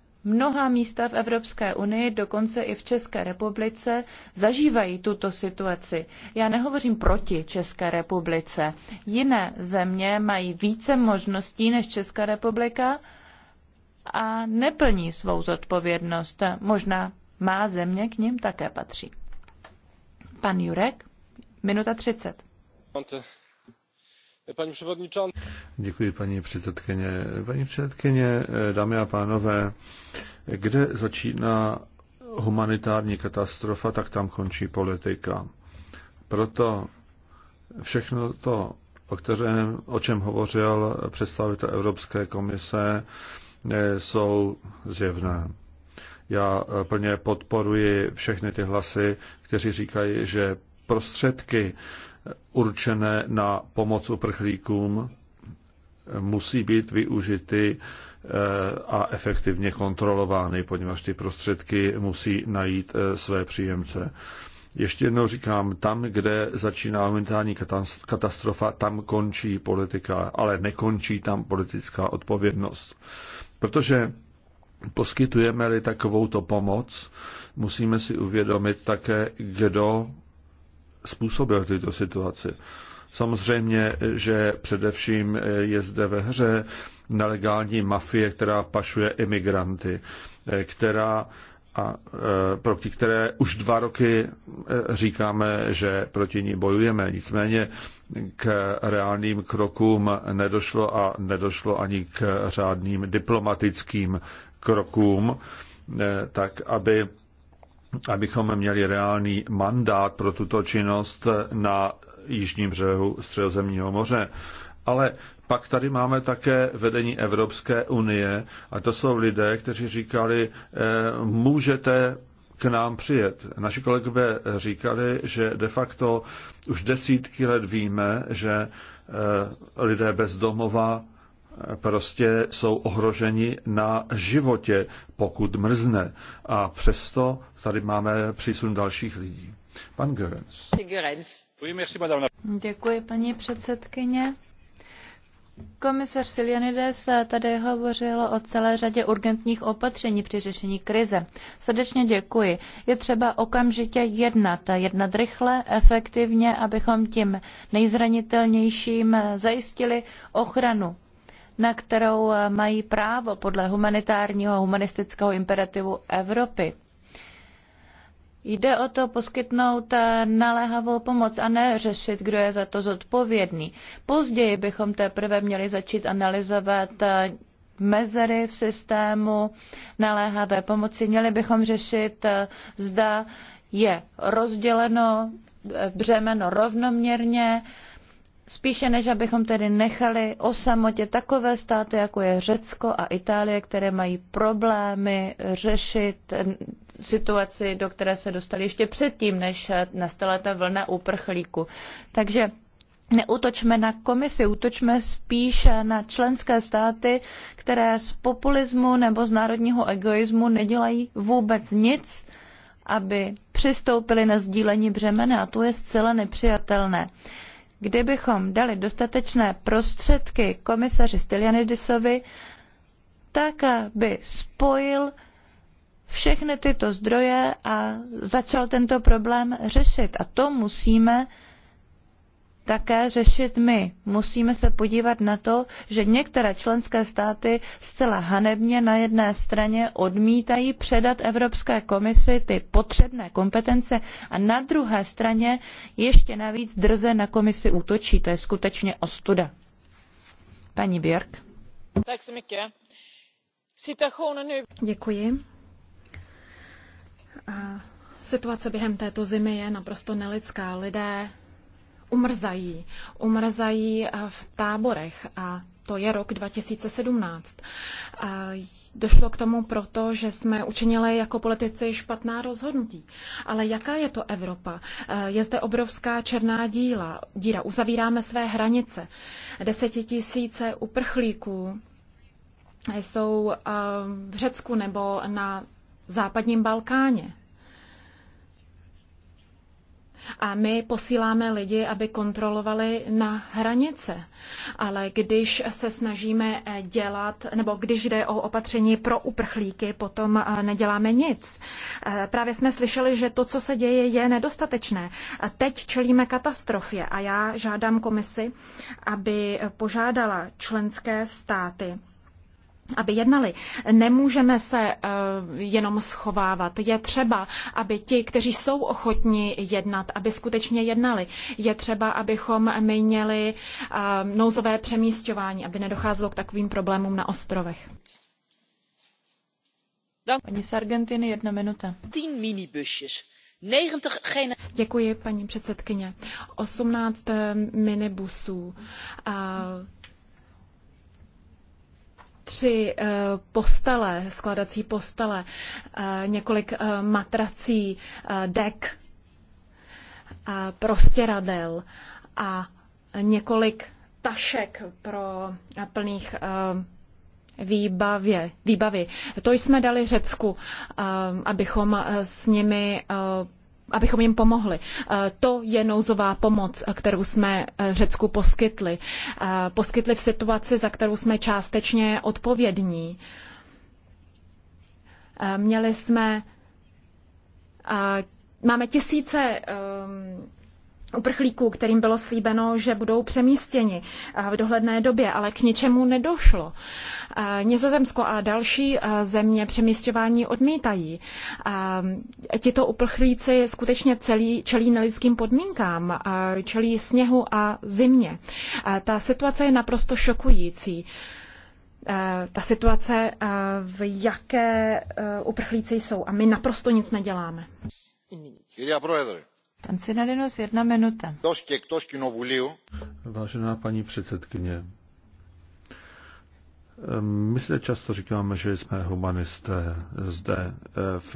Mnoha místa v Evropské unii, dokonce i v České republice, zažívají tuto situaci. Já nehovořím proti České republice. Jiné země mají více možností než Česká republika a neplní svou zodpovědnost. Možná má země k ním také patří. Pan Jurek, minuta 30. Paní předsedkyně. Děkuji, paní předsedkyně. Paní předsedkyně, dámy a pánové, kde začíná humanitární katastrofa, tak tam končí politika. Proto všechno to, o, kterém, o čem hovořil představitel Evropské komise, jsou zjevné. Já plně podporuji všechny ty hlasy, kteří říkají, že prostředky určené na pomoc uprchlíkům musí být využity eh, a efektivně kontrolovány, poněvadž ty prostředky musí najít eh, své příjemce. Ještě jednou říkám, tam, kde začíná momentální katastrofa, tam končí politika, ale nekončí tam politická odpovědnost. Protože poskytujeme-li takovouto pomoc, musíme si uvědomit také, kdo způsobil tyto situaci. Samozřejmě, že především je zde ve hře nelegální mafie, která pašuje imigranty, která a e, proti které už dva roky e, říkáme, že proti ní bojujeme. Nicméně k reálným krokům nedošlo a nedošlo ani k řádným diplomatickým krokům, e, tak aby abychom měli reálný mandát pro tuto činnost na jižním břehu Středozemního moře. Ale pak tady máme také vedení Evropské unie a to jsou lidé, kteří říkali, eh, můžete k nám přijet. Naši kolegové říkali, že de facto už desítky let víme, že eh, lidé bez domova prostě jsou ohroženi na životě, pokud mrzne. A přesto tady máme přísun dalších lidí. Pan Görens. Děkuji, paní předsedkyně. Komisař Silianides tady hovořil o celé řadě urgentních opatření při řešení krize. Srdečně děkuji. Je třeba okamžitě jednat, jednat rychle, efektivně, abychom tím nejzranitelnějším zajistili ochranu na kterou eh, mají právo podle humanitárního a humanistického imperativu Evropy. Jde o to poskytnout eh, naléhavou pomoc a ne řešit, kdo je za to zodpovědný. Později bychom teprve měli začít analyzovat eh, mezery v systému naléhavé pomoci. Měli bychom řešit, zda je rozděleno břemeno rovnoměrně, Spíše než abychom tedy nechali o samotě takové státy, jako je Řecko a Itálie, které mají problémy řešit situaci, do které se dostali ještě předtím, než nastala ta vlna úprchlíku. Takže Neutočme na komisi, útočme spíše na členské státy, které z populismu nebo z národního egoismu nedělají vůbec nic, aby přistoupili na sdílení břemene a to je zcela nepřijatelné kdybychom dali dostatečné prostředky komisaři Stylianidisovi, tak eh, by spojil všechny tyto zdroje a začal tento problém řešit. A to musíme také řešit my. Musíme se podívat na to, že některé členské státy zcela hanebně na jedné straně odmítají předat Evropské komisi ty potřebné kompetence a na druhé straně ještě navíc drze na komisi útočí. To je skutečně ostuda. Paní Björk. Děkuji. Situace během této zimy je naprosto nelidská. Lidé umrzají. Umrzají eh, v táborech a to je rok 2017. Eh, došlo k tomu proto, že jsme učinili jako politici špatná rozhodnutí. Ale jaká je to Evropa? Eh, je zde obrovská černá díla, díra. Uzavíráme své hranice. Desetitisíce uprchlíků jsou v Řecku nebo na západním Balkáně. A my posíláme lidi, aby kontrolovali na hranice. Ale když se snažíme eh, dělat, nebo když jde o opatření pro uprchlíky, potom eh, neděláme nic. Eh, právě jsme slyšeli, že to, co se děje, je nedostatečné. Teď čelíme katastrofě a já žádám komisi, aby požádala členské státy, aby jednali. Nemůžeme se eh, jenom schovávat. Je třeba, aby ti, kteří jsou ochotní jednat, aby skutečně jednali. Je třeba, abychom měli eh, nouzové přemístování, aby nedocházelo k takovým problémům na ostrovech. Pani z Argentiny, jedna minuta. Děkuji, paní předsedkyně. 18 eh, minibusů tři eh, postele, skladací postele, eh, několik eh, matrací, dek, prostěradel a několik tašek pro plných výbavě, výbavy. To jsme dali Řecku, abychom s nimi abychom jim pomohli. Eh, to je nouzová pomoc, eh, kterou jsme eh, Řecku poskytli. Poskytli v situaci, za kterou jsme částečně odpovědní. Měli jsme, máme tisíce ehm, uprchlíků, kterým bylo slíbeno, že budou přemístěni eh, v dohledné době, ale k ničemu nedošlo. Eh, Nizozemsko a další eh, země přemístování odmítají. Tito uprchlíci skutečně celý, čelí nelidským podmínkám, čelí sněhu a zimě. Ta situace je naprosto šokující ta situace, v jaké uprchlíci jsou. A my naprosto nic neděláme. Kyria Pan Sinadinos, jedna minuta. Vážená paní předsedkyně, my se často říkáme, že jsme humanisté zde eh, v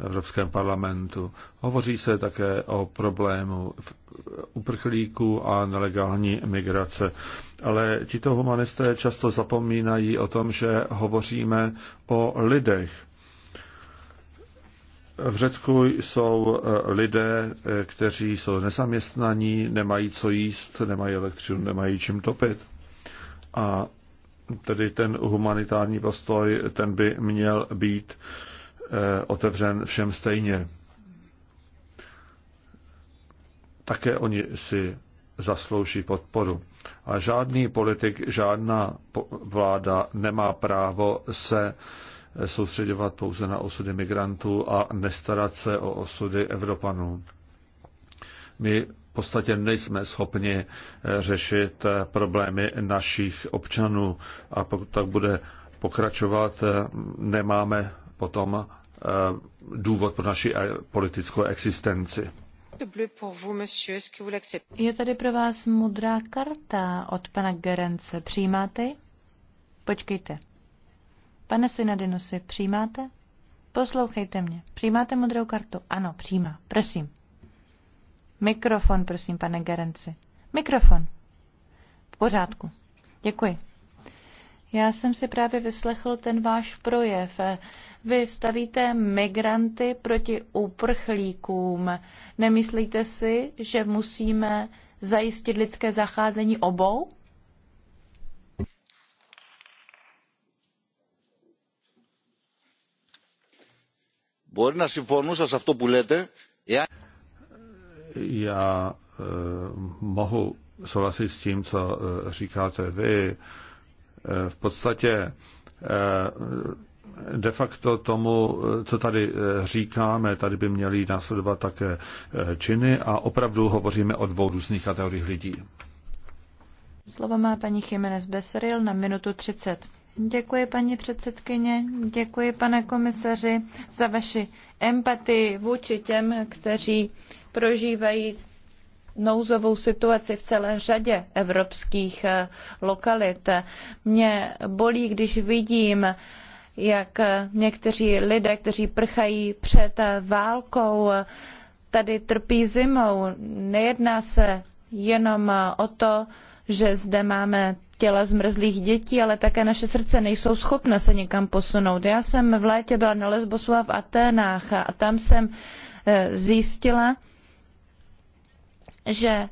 Evropském parlamentu. Hovoří se také o problému uprchlíků a nelegální migrace. Ale tito humanisté často zapomínají o tom, že hovoříme o lidech v Řecku jsou eh, lidé, eh, kteří jsou nezaměstnaní, nemají co jíst, nemají elektřinu, nemají čím topit. A tedy ten humanitární postoj, ten by měl být eh, otevřen všem stejně. Také oni si zaslouží podporu. A žádný politik, žádná vláda nemá právo se eh, soustředovat pouze na osudy migrantů a nestarat se o osudy Evropanů. My v podstatě nejsme schopni eh, řešit eh, problémy našich občanů a pokud tak bude pokračovat, eh, nemáme potom důvod pro naši politickou existenci. Je tady pro vás modrá karta od pana Gerence. Přijímáte? Počkejte. Pane Synadinosi, přijímáte? Poslouchejte mě. Přijímáte modrou kartu? Ano, přijímá. Prosím. Mikrofon, prosím, pane Garenci. Mikrofon. V pořádku. Děkuji. Já jsem si právě vyslechl ten váš projev. Vy stavíte migranty proti uprchlíkům. Nemyslíte si, že musíme zajistit lidské zacházení obou? Μπορεί να συμφωνούσα σε αυτό που λέτε, εάν... Já eh, mohu souhlasit s tím, co e, říkáte vy. E, v podstatě e, de facto tomu, co tady říkáme, tady by měly následovat také činy a opravdu hovoříme o dvou různých kategoriích lidí. Slovo má paní Jiménez Beseril na minutu 30. Děkuji, paní předsedkyně, děkuji, pane komisaři, za vaši empatii vůči těm, kteří prožívají nouzovou situaci v celé řadě evropských eh, lokalit. Mě bolí, když vidím, jak eh, někteří lidé, kteří prchají před eh, válkou, tady trpí zimou. Nejedná se jenom o to, že zde máme těla zmrzlých dětí, ale také naše srdce nejsou schopna se někam posunout. Já jsem v létě byla na Lesbosu a v Aténách a tam jsem eh, zjistila, že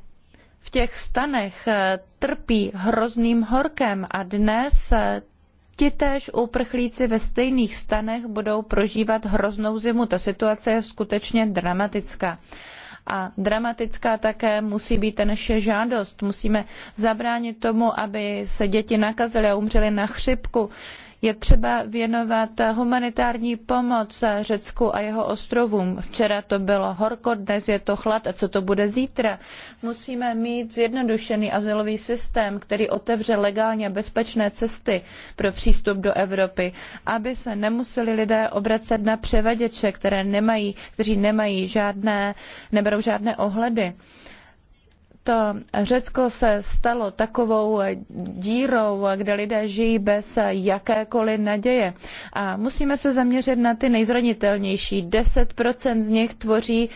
v těch stanech eh, trpí hrozným horkem a dnes eh, titéž uprchlíci ve stejných stanech budou prožívat hroznou zimu. Ta situace je skutečně dramatická a dramatická také musí být naše žádost. Musíme zabránit tomu, aby se děti nakazily a umřely na chřipku je třeba věnovat humanitární pomoc Řecku a jeho ostrovům. Včera to bylo horko, dnes je to chlad a co to bude zítra. Musíme mít zjednodušený azylový systém, který otevře legálně bezpečné cesty pro přístup do Evropy, aby se nemuseli lidé obracet na převaděče, které nemají, kteří nemají žádné, neberou žádné ohledy. Řecko se stalo takovou dírou, kde lidé žijí bez jakékoliv naděje. A musíme se zaměřit na ty nejzranitelnější. 10% z nich tvoří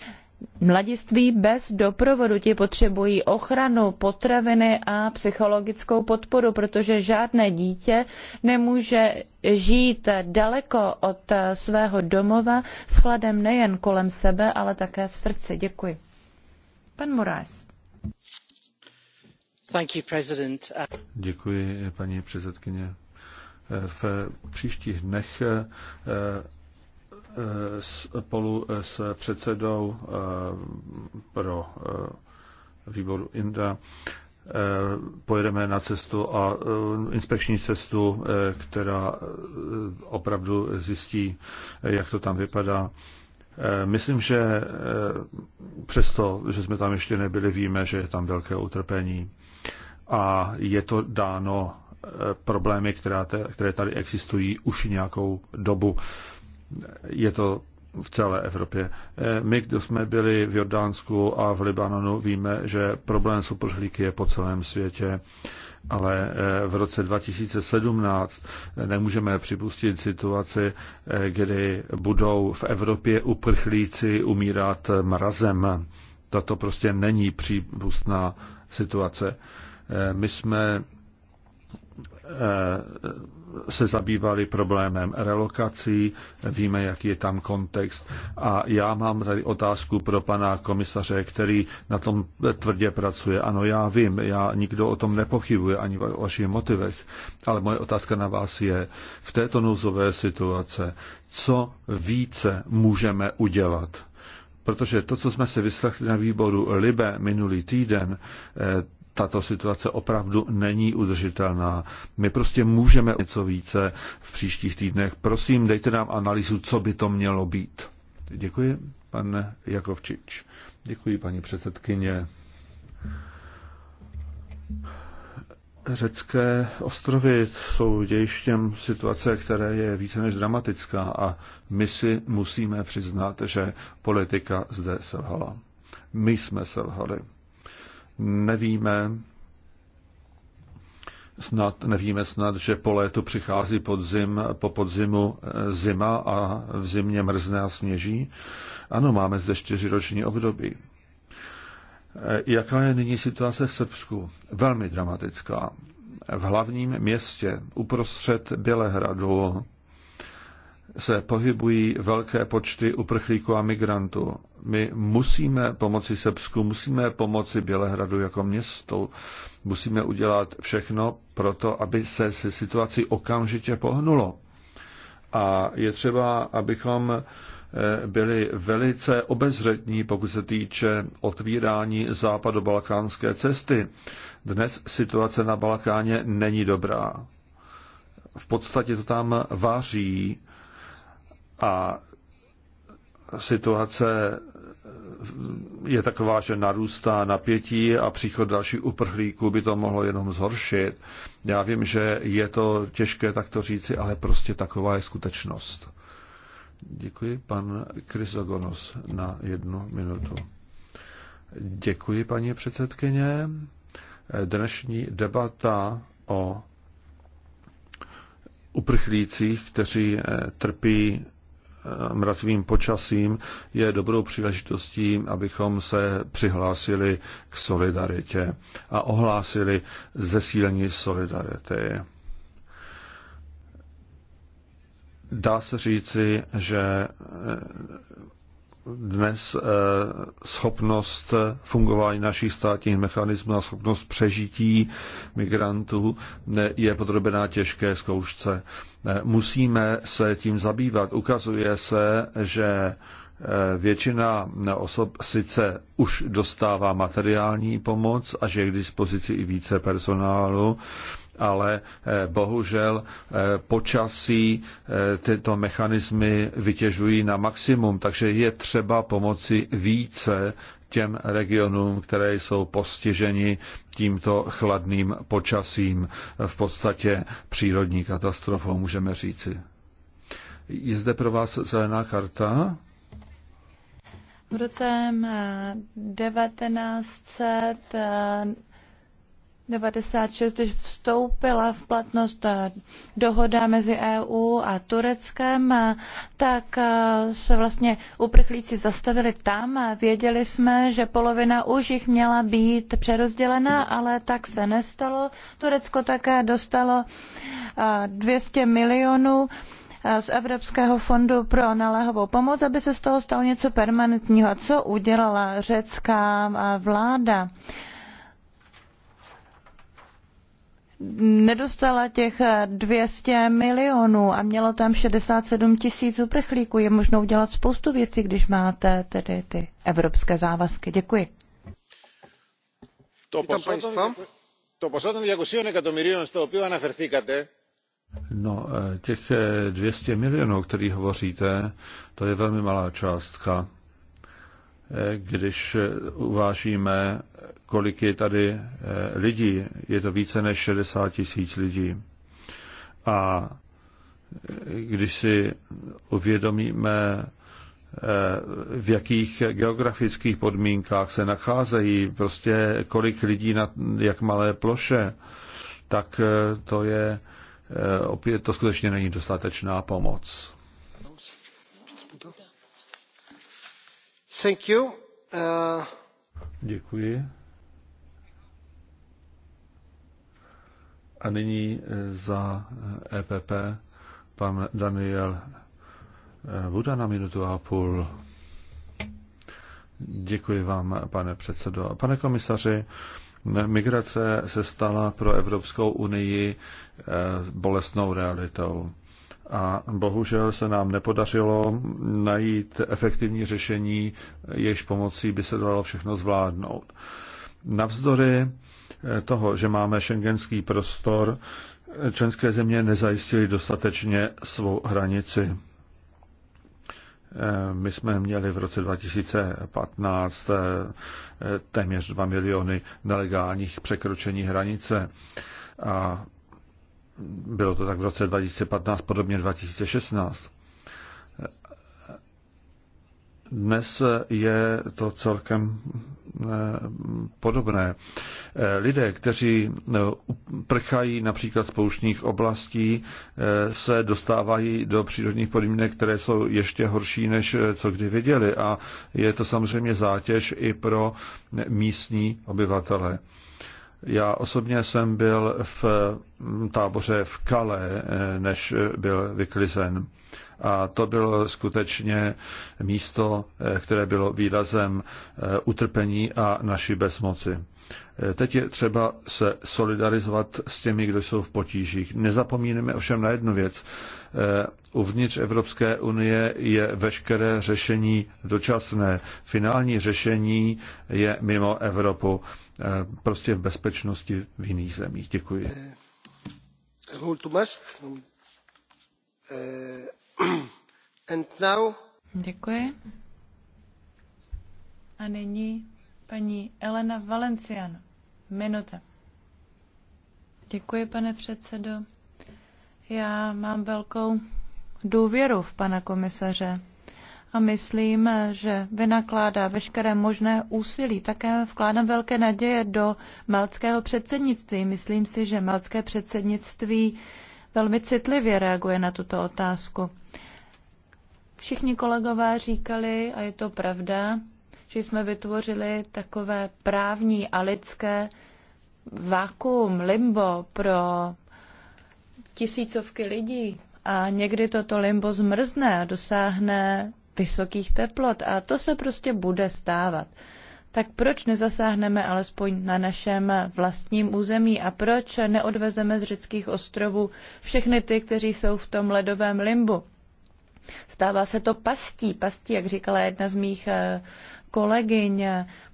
mladiství bez doprovodu. Ti potřebují ochranu, potraviny a psychologickou podporu, protože žádné dítě nemůže žít daleko od svého domova s chladem nejen kolem sebe, ale také v srdci. Děkuji. Pan Moraes. Děkuji, paní předsedkyně. V příštích dnech eh, eh, spolu s předsedou eh, pro výboru INDA pojedeme na cestu a inspekční cestu, která opravdu zjistí, jak to tam vypadá. Eh, myslím, že eh, přesto, že jsme tam ještě nebyli, víme, že je tam velké utrpení a je to dáno eh, problémy, které tady existují už nějakou dobu. Je to v celé Evropě. My, kdo jsme byli v Jordánsku a v Libanonu, víme, že problém s uprchlíky je po celém světě ale eh, v roce 2017 eh, nemůžeme připustit situaci, eh, kdy budou v Evropě uprchlíci umírat mrazem. Tato prostě není přípustná situace. My jsme se zabývali problémem relokací, víme, jaký je tam kontext. A já mám tady otázku pro pana komisaře, který na tom tvrdě pracuje. Ano, já vím, já nikdo o tom nepochybuje, ani o vašich motivech, ale moje otázka na vás je, v této nouzové situace, co více můžeme udělat? Protože to, co jsme se vyslechli na výboru Libe minulý týden, eh, tato situace opravdu není udržitelná. My prostě můžeme něco více v příštích týdnech. Prosím, dejte nám analýzu, co by to mělo být. Děkuji, pane Jakovčič. Děkuji, paní předsedkyně. Řecké ostrovy jsou dějištěm situace, které je více než dramatická a my si musíme přiznat, že politika zde selhala. My jsme selhali nevíme, snad, nevíme snad, že po létu přichází podzim, po podzimu eh, zima a v zimě mrzne a sněží. Ano, máme zde čtyřiroční období. Eh, jaká je nyní situace v Srbsku? Velmi dramatická. V hlavním městě, uprostřed Bělehradu, se pohybují velké počty uprchlíků a migrantů. My musíme pomoci Srbsku, musíme pomoci Bělehradu jako městu. Musíme udělat všechno pro to, aby se si situaci okamžitě pohnulo. A je třeba, abychom eh, byli velice obezřetní, pokud se týče otvírání západobalkánské cesty. Dnes situace na Balkáně není dobrá. V podstatě to tam vaří a situace je taková, že narůstá napětí a příchod dalších uprchlíků by to mohlo jenom zhoršit. Já vím, že je to těžké takto říci, ale prostě taková je skutečnost. Děkuji, pan Krysogonos, na jednu minutu. Děkuji, paní předsedkyně. Dnešní debata o uprchlících, kteří eh, trpí Eh, mrazivým počasím je dobrou příležitostí, abychom se přihlásili k solidaritě a ohlásili zesílení solidarity. Dá se říci, že eh, dnes eh, schopnost fungování našich státních mechanismů a schopnost přežití migrantů je podrobená těžké zkoušce. Eh, musíme se tím zabývat. Ukazuje se, že eh, většina osob sice už dostává materiální pomoc a že je k dispozici i více personálu, ale eh, bohužel eh, počasí eh, tyto mechanismy vytěžují na maximum, takže je třeba pomoci více těm regionům, které jsou postiženi tímto chladným počasím, v podstatě přírodní katastrofou, můžeme říci. Je zde pro vás zelená karta? V roce 1900 96, když vstoupila v platnost eh, dohoda mezi EU a Tureckem, eh, tak eh, se vlastně uprchlíci zastavili tam. Věděli jsme, že polovina už jich měla být přerozdělena, ale tak se nestalo. Turecko také dostalo 200 milionů z Evropského fondu pro naléhovou pomoc, aby se z toho stalo něco permanentního. Co udělala řecká vláda? nedostala těch 200 milionů a mělo tam 67 tisíc uprchlíků. Je možno udělat spoustu věcí, když máte tedy ty evropské závazky. Děkuji. To posolstvo? To posolstvo 200 εκατομμυρίων, στο οποίο αναφερθήκατε, No, eh, těch 200 eh, milionů, o kterých hovoříte, to je velmi malá částka když uvážíme, kolik je tady eh, lidí. Je to více než 60 tisíc lidí. A eh, když si uvědomíme, eh, v jakých geografických podmínkách se nacházejí, prostě kolik lidí na jak malé ploše, tak to je opět, to skutečně není dostatečná pomoc. Uh, Děkuji. A nyní eh, za EPP eh, e pan Daniel eh, Buda na minutu a půl. Děkuji vám, pane předsedo. Pane komisaři, migrace se stala pro Evropskou unii bolestnou realitou a bohužel se nám nepodařilo najít efektivní řešení, jež pomocí by se dalo všechno zvládnout. Navzdory eh, toho, že máme šengenský prostor, eh, členské země nezajistily dostatečně svou hranici. Eh, my jsme měli v roce 2015 téměř 2 miliony nelegálních překročení hranice a bylo to tak v roce 2015, podobně 2016. Dnes je to celkem eh, podobné. Eh, lidé, kteří eh, prchají například z pouštních oblastí, se dostávají do přírodních podmínek, které jsou ještě horší, než co kdy viděli. A je to samozřejmě zátěž i pro místní obyvatele. Já osobně jsem byl v táboře v Kale, eh, než eh, byl vyklizen. A to bylo skutečně místo, eh, které bylo výrazem utrpení a naší bezmoci. Teď je třeba se solidarizovat s těmi, kdo jsou v potížích. Nezapomínáme ovšem na jednu věc. Eh, uvnitř Evropské unie je veškeré řešení dočasné. Finální řešení je mimo Evropu, eh, prostě v bezpečnosti v jiných zemích. Děkuji. Eh, Děkuji. A nyní paní Elena Valenciano. Minuta. Děkuji, pane předsedo. Já mám velkou důvěru v pana komisaře a myslím, že vynakládá veškeré možné úsilí. Také vkládám velké naděje do malckého předsednictví. Myslím si, že malcké předsednictví velmi citlivě reaguje na tuto otázku. Všichni kolegové říkali, a je to pravda, že jsme vytvořili takové právní a lidské vákuum, limbo pro tisícovky lidí a někdy toto limbo zmrzne a dosáhne vysokých teplot a to se prostě bude stávat. Tak proč nezasáhneme alespoň na našem vlastním území a proč neodvezeme z řeckých ostrovů všechny ty, kteří jsou v tom ledovém limbu? Stává se to pastí, pastí, jak říkala jedna z mých eh, kolegyň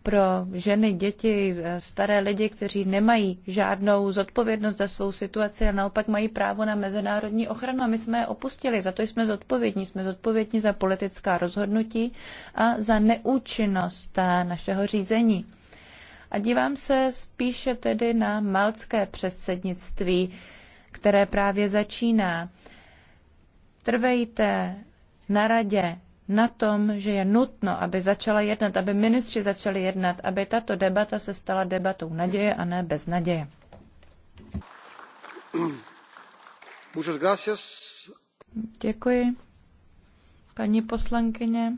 pro ženy, děti, staré lidi, kteří nemají žádnou zodpovědnost za svou situaci a naopak mají právo na mezinárodní ochranu. A my jsme je opustili, za to jsme zodpovědní. Jsme zodpovědní za politická rozhodnutí a za neúčinnost eh, našeho řízení. A dívám se spíše tedy na malcké předsednictví, které právě začíná. Trvejte na radě na tom, že je nutno, aby začala jednat, aby ministři začali jednat, aby tato debata se stala debatou naděje a ne bez naděje. Děkuji. Paní poslankyně.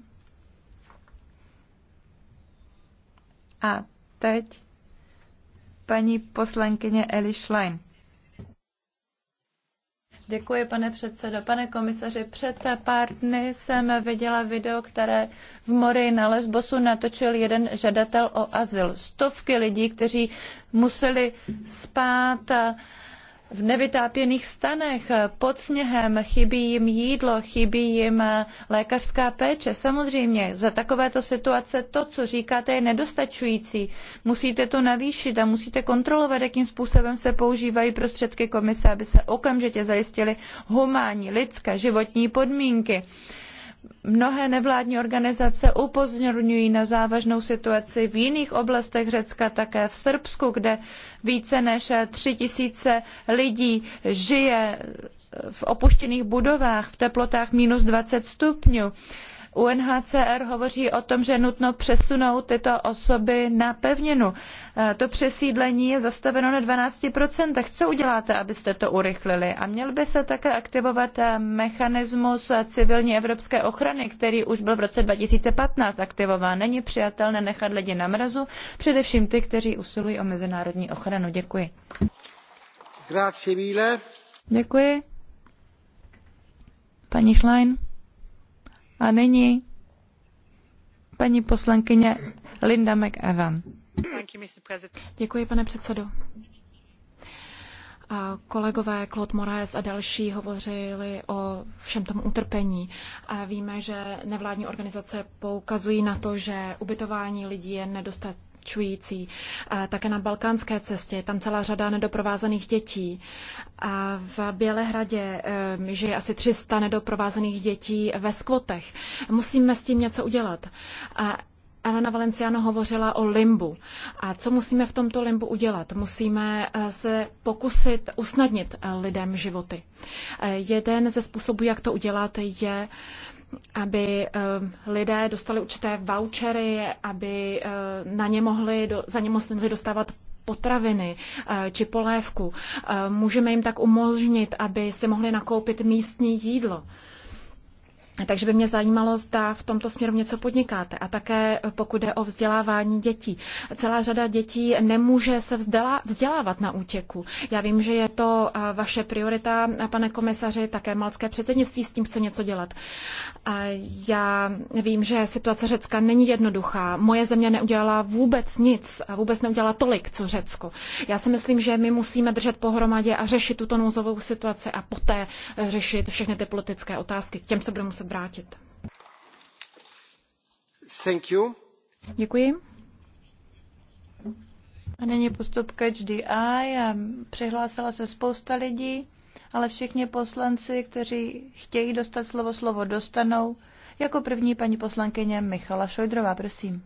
A teď paní poslankyně Eli Schlein. Děkuji, pane předsedo. Pane komisaři, před pár dny jsem viděla video, které v mori na Lesbosu natočil jeden žadatel o azyl. Stovky lidí, kteří museli spát v nevytápěných stanech, pod sněhem, chybí jim jídlo, chybí jim lékařská péče. Samozřejmě, za takovéto situace to, co říkáte, je nedostačující. Musíte to navýšit a musíte kontrolovat, jakým způsobem se používají prostředky komise, aby se okamžitě zajistily humánní, lidské, životní podmínky. Mnohé nevládní organizace upozorňují na závažnou situaci v jiných oblastech Řecka, také v Srbsku, kde více než tři tisíce lidí žije v opuštěných budovách v teplotách minus 20 stupňů. UNHCR hovoří o tom, že je nutno přesunout tyto osoby na pevninu. E, to přesídlení je zastaveno na 12%. Co uděláte, abyste to urychlili? A měl by se také aktivovat e, mechanismus e, civilní evropské ochrany, který už byl v roce 2015 aktivován. Není přijatelné nechat lidi na mrazu, především ty, kteří usilují o mezinárodní ochranu. Děkuji. Děkuji. Paní Schlein. A nyní paní poslankyně Linda McEvan. Děkuji, pane předsedo. A kolegové Claude Moraes a další hovořili o všem tom utrpení. A víme, že nevládní organizace poukazují na to, že ubytování lidí je nedostatečné zlehčující. Také na balkánské cestě je tam celá řada nedoprovázených dětí. A v Bělehradě eh, žije asi 300 nedoprovázených dětí ve skvotech. Musíme s tím něco udělat. A Elena Valenciano hovořila o limbu. A co musíme v tomto limbu udělat? Musíme eh, se pokusit usnadnit eh, lidem životy. Jeden ze způsobů, jak to udělat, je aby ehm, lidé dostali určité vouchery, aby eh, na ně mohli, za ně mohli dostávat potraviny eh, či polévku. Eh, můžeme jim tak umožnit, aby si mohli nakoupit místní jídlo. Takže by mě zajímalo, zda v tomto směru něco podnikáte. A také eh, pokud jde o vzdělávání dětí. Celá řada dětí nemůže se vzdělávat na útěku. Já vím, že je to eh, vaše priorita, pane komisaři, také malské předsednictví s tím chce něco dělat. A já vím, že situace Řecka není jednoduchá. Moje země neudělala vůbec nic a vůbec neudělala tolik, co Řecko. Já si myslím, že my musíme držet pohromadě a řešit tuto nouzovou situaci a poté eh, řešit všechny ty politické otázky. K těm se budeme muset vrátit. Thank you. Děkuji. A nyní postup Catch the Eye. Přihlásila se spousta lidí, ale všichni poslanci, kteří chtějí dostat slovo, slovo dostanou. Jako první paní poslankyně Michala Šojdrová, prosím.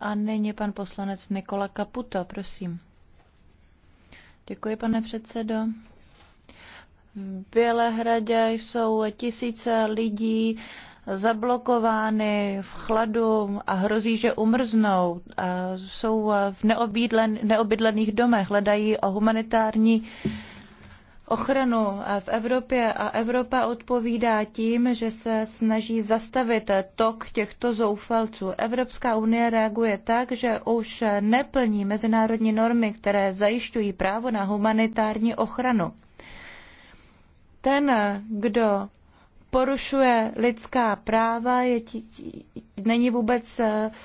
A nyní pan poslanec Nikola Kaputa, prosím. Děkuji, pane předsedo. V Bělehradě jsou tisíce lidí zablokovány v chladu a hrozí, že umrznou. jsou v neobydlených domech, hledají o humanitární ochranu eh, v Evropě a Evropa odpovídá tím, že se snaží zastavit eh, tok těchto zoufalců. Evropská unie reaguje tak, že už eh, neplní mezinárodní normy, které zajišťují právo na humanitární ochranu. Ten, kdo porušuje lidská práva, je tí, není vůbec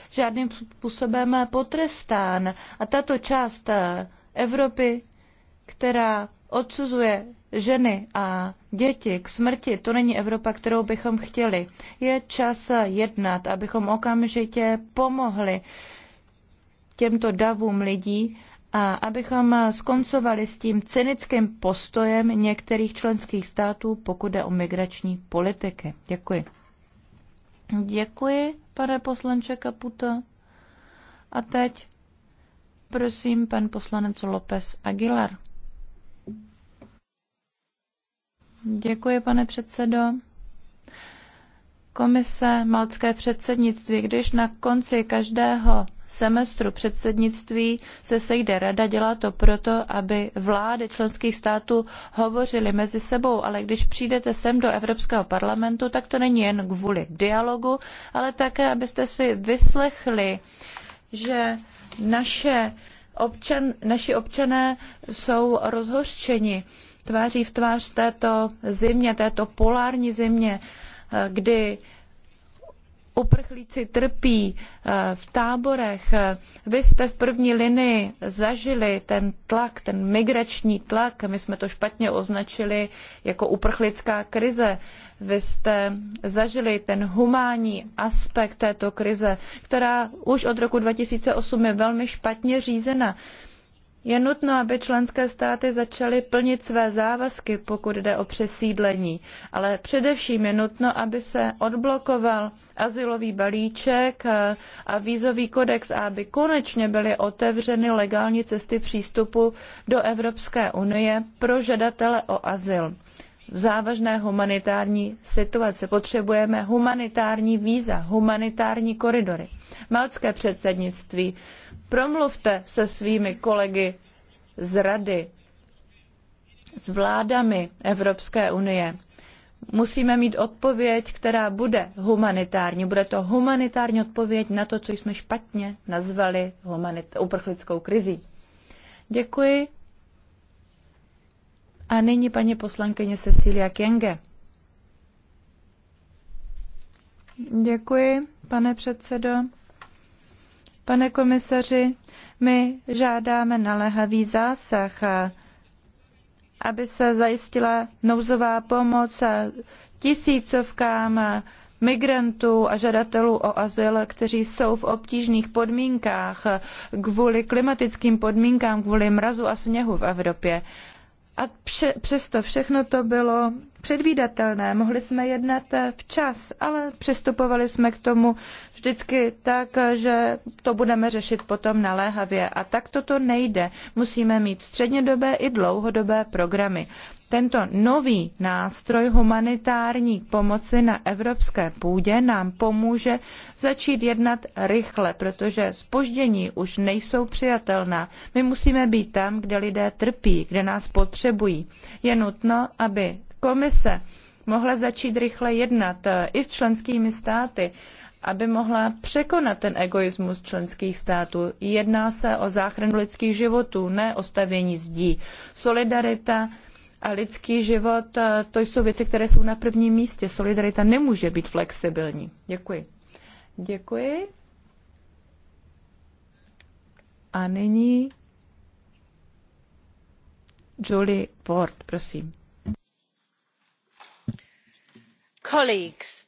žádným způsobem potrestán. A tato část Evropy, která odsuzuje ženy a děti k smrti, to není Evropa, kterou bychom chtěli. Je čas jednat, abychom okamžitě pomohli těmto davům lidí a abychom skoncovali s tím cynickým postojem některých členských států, pokud jde o migrační politiky. Děkuji. Děkuji, pane poslanče Kaputa. A teď prosím pan poslanec López Aguilar. Děkuji, pane předsedo. Komise Maltské předsednictví, když na konci každého semestru předsednictví se sejde rada, dělá to proto, aby vlády členských států hovořily mezi sebou, ale když přijdete sem do Evropského parlamentu, tak to není jen kvůli dialogu, ale také, abyste si vyslechli, že naše občan, naši občané jsou rozhořčeni tváří v tvář této zimě, této polární zimě, eh, kdy uprchlíci trpí eh, v táborech. Vy jste v první linii zažili ten tlak, ten migrační tlak. My jsme to špatně označili jako uprchlická krize. Vy jste zažili ten humánní aspekt této krize, která už od roku 2008 je velmi špatně řízena. Je nutno, aby členské státy začaly plnit své závazky, pokud jde o přesídlení, ale především je nutno, aby se odblokoval azylový balíček eh, a vízový kodex a aby konečně byly otevřeny legální cesty přístupu do Evropské unie pro žadatele o azyl. V závažné humanitární situaci potřebujeme humanitární víza, humanitární koridory. Maltské předsednictví Promluvte se svými kolegy z rady, s vládami Evropské unie. Musíme mít odpověď, která bude humanitární. Bude to humanitární odpověď na to, co jsme špatně nazvali humanit- uprchlickou krizí. Děkuji. A nyní paní poslankyně Cecilia Kienge. Děkuji, pane předsedo. Pane komisaři, my žádáme naléhavý zásah, aby se zajistila nouzová pomoc tisícovkám migrantů a žadatelů o azyl, kteří jsou v obtížných podmínkách kvůli klimatickým podmínkám, kvůli mrazu a sněhu v Evropě. A pře- přesto všechno to bylo předvídatelné. Mohli jsme jednat včas, ale přistupovali jsme k tomu vždycky tak, že to budeme řešit potom naléhavě. A tak toto nejde. Musíme mít střednědobé i dlouhodobé programy tento nový nástroj humanitární pomoci na evropské půdě nám pomůže začít jednat rychle, protože zpoždění už nejsou přijatelná. My musíme být tam, kde lidé trpí, kde nás potřebují. Je nutno, aby komise mohla začít rychle jednat eh, i s členskými státy, aby mohla překonat ten egoismus členských států. Jedná se o záchranu lidských životů, ne o stavění zdí. Solidarita a lidský život, eh, to jsou věci, které jsou na prvním místě. Solidarita nemůže být flexibilní. Děkuji. Děkuji. A nyní Julie Ward, prosím. Colleagues.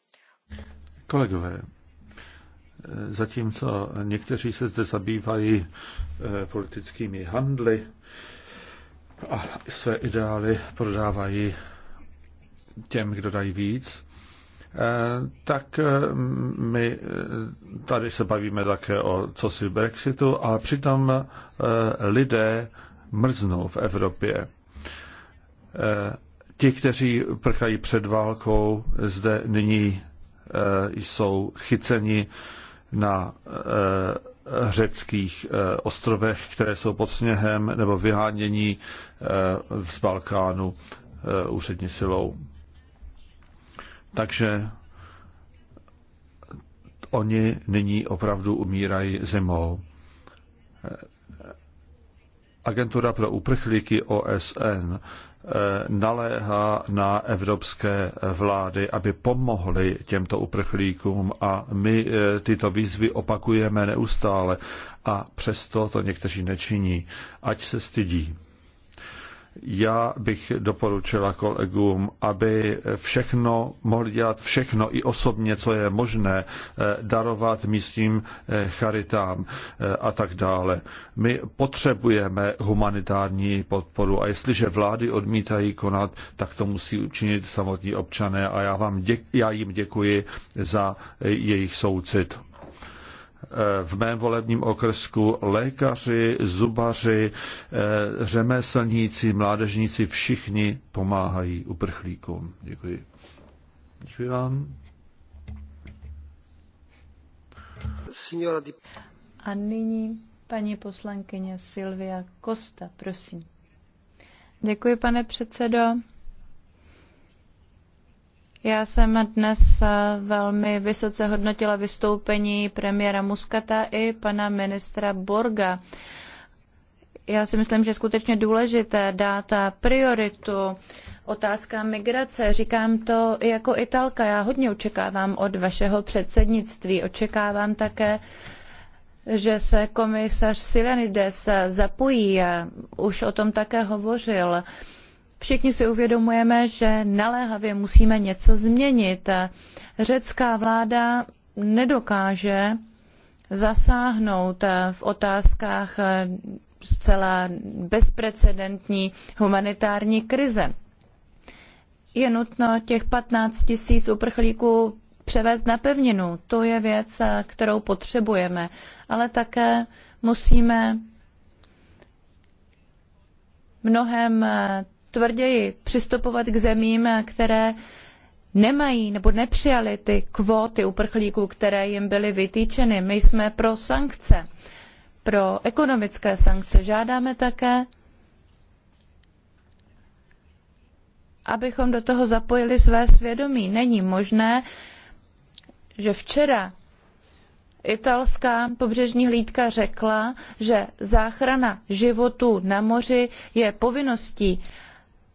Kolegové, eh, zatímco někteří se zde zabývají eh, politickými handly, a se ideály prodávají těm, kdo dají víc, e, tak e, my e, tady se bavíme také o co si Brexitu, ale přitom lidé mrznou v Evropě. Ti, kteří prchají před válkou, zde nyní jsou chyceni na řeckých eh, ostrovech, které jsou pod sněhem, nebo vyhánění eh, z Balkánu eh, úřední silou. Takže oni nyní opravdu umírají zimou. Agentura pro uprchlíky OSN Eh, naléhá na evropské vlády, aby pomohly těmto uprchlíkům a my eh, tyto výzvy opakujeme neustále a přesto to někteří nečiní, ať se stydí já bych doporučila kolegům, aby všechno mohli dělat všechno i osobně, co je možné, eh, darovat místním eh, charitám eh, a tak dále. My potřebujeme humanitární podporu a jestliže vlády odmítají konat, tak to musí učinit samotní občané a já, vám děk, já jim děkuji za jejich soucit v mém volebním okrsku lékaři, zubaři, eh, řemeslníci, mládežníci, všichni pomáhají uprchlíkům. Děkuji. Děkuji vám. A nyní paní poslankyně Silvia Costa, prosím. Děkuji, pane předsedo. Já jsem dnes eh, velmi vysoce hodnotila vystoupení premiéra Muskata i pana ministra Borga. Já si myslím, že je skutečně důležité dát prioritu otázka migrace. Říkám to jako italka. Já hodně očekávám od vašeho předsednictví. Očekávám také, že se komisař Silenides zapojí. Už o tom také hovořil. Všichni si uvědomujeme, že naléhavě musíme něco změnit. Řecká vláda nedokáže zasáhnout v otázkách zcela bezprecedentní humanitární krize. Je nutno těch 15 tisíc uprchlíků převést na pevninu. To je věc, kterou potřebujeme, ale také musíme mnohem tvrději přistupovat k zemím, které nemají nebo nepřijaly ty kvóty uprchlíků, které jim byly vytýčeny. My jsme pro sankce, pro ekonomické sankce. Žádáme také, abychom do toho zapojili své svědomí. Není možné, že včera italská pobřežní hlídka řekla, že záchrana životů na moři je povinností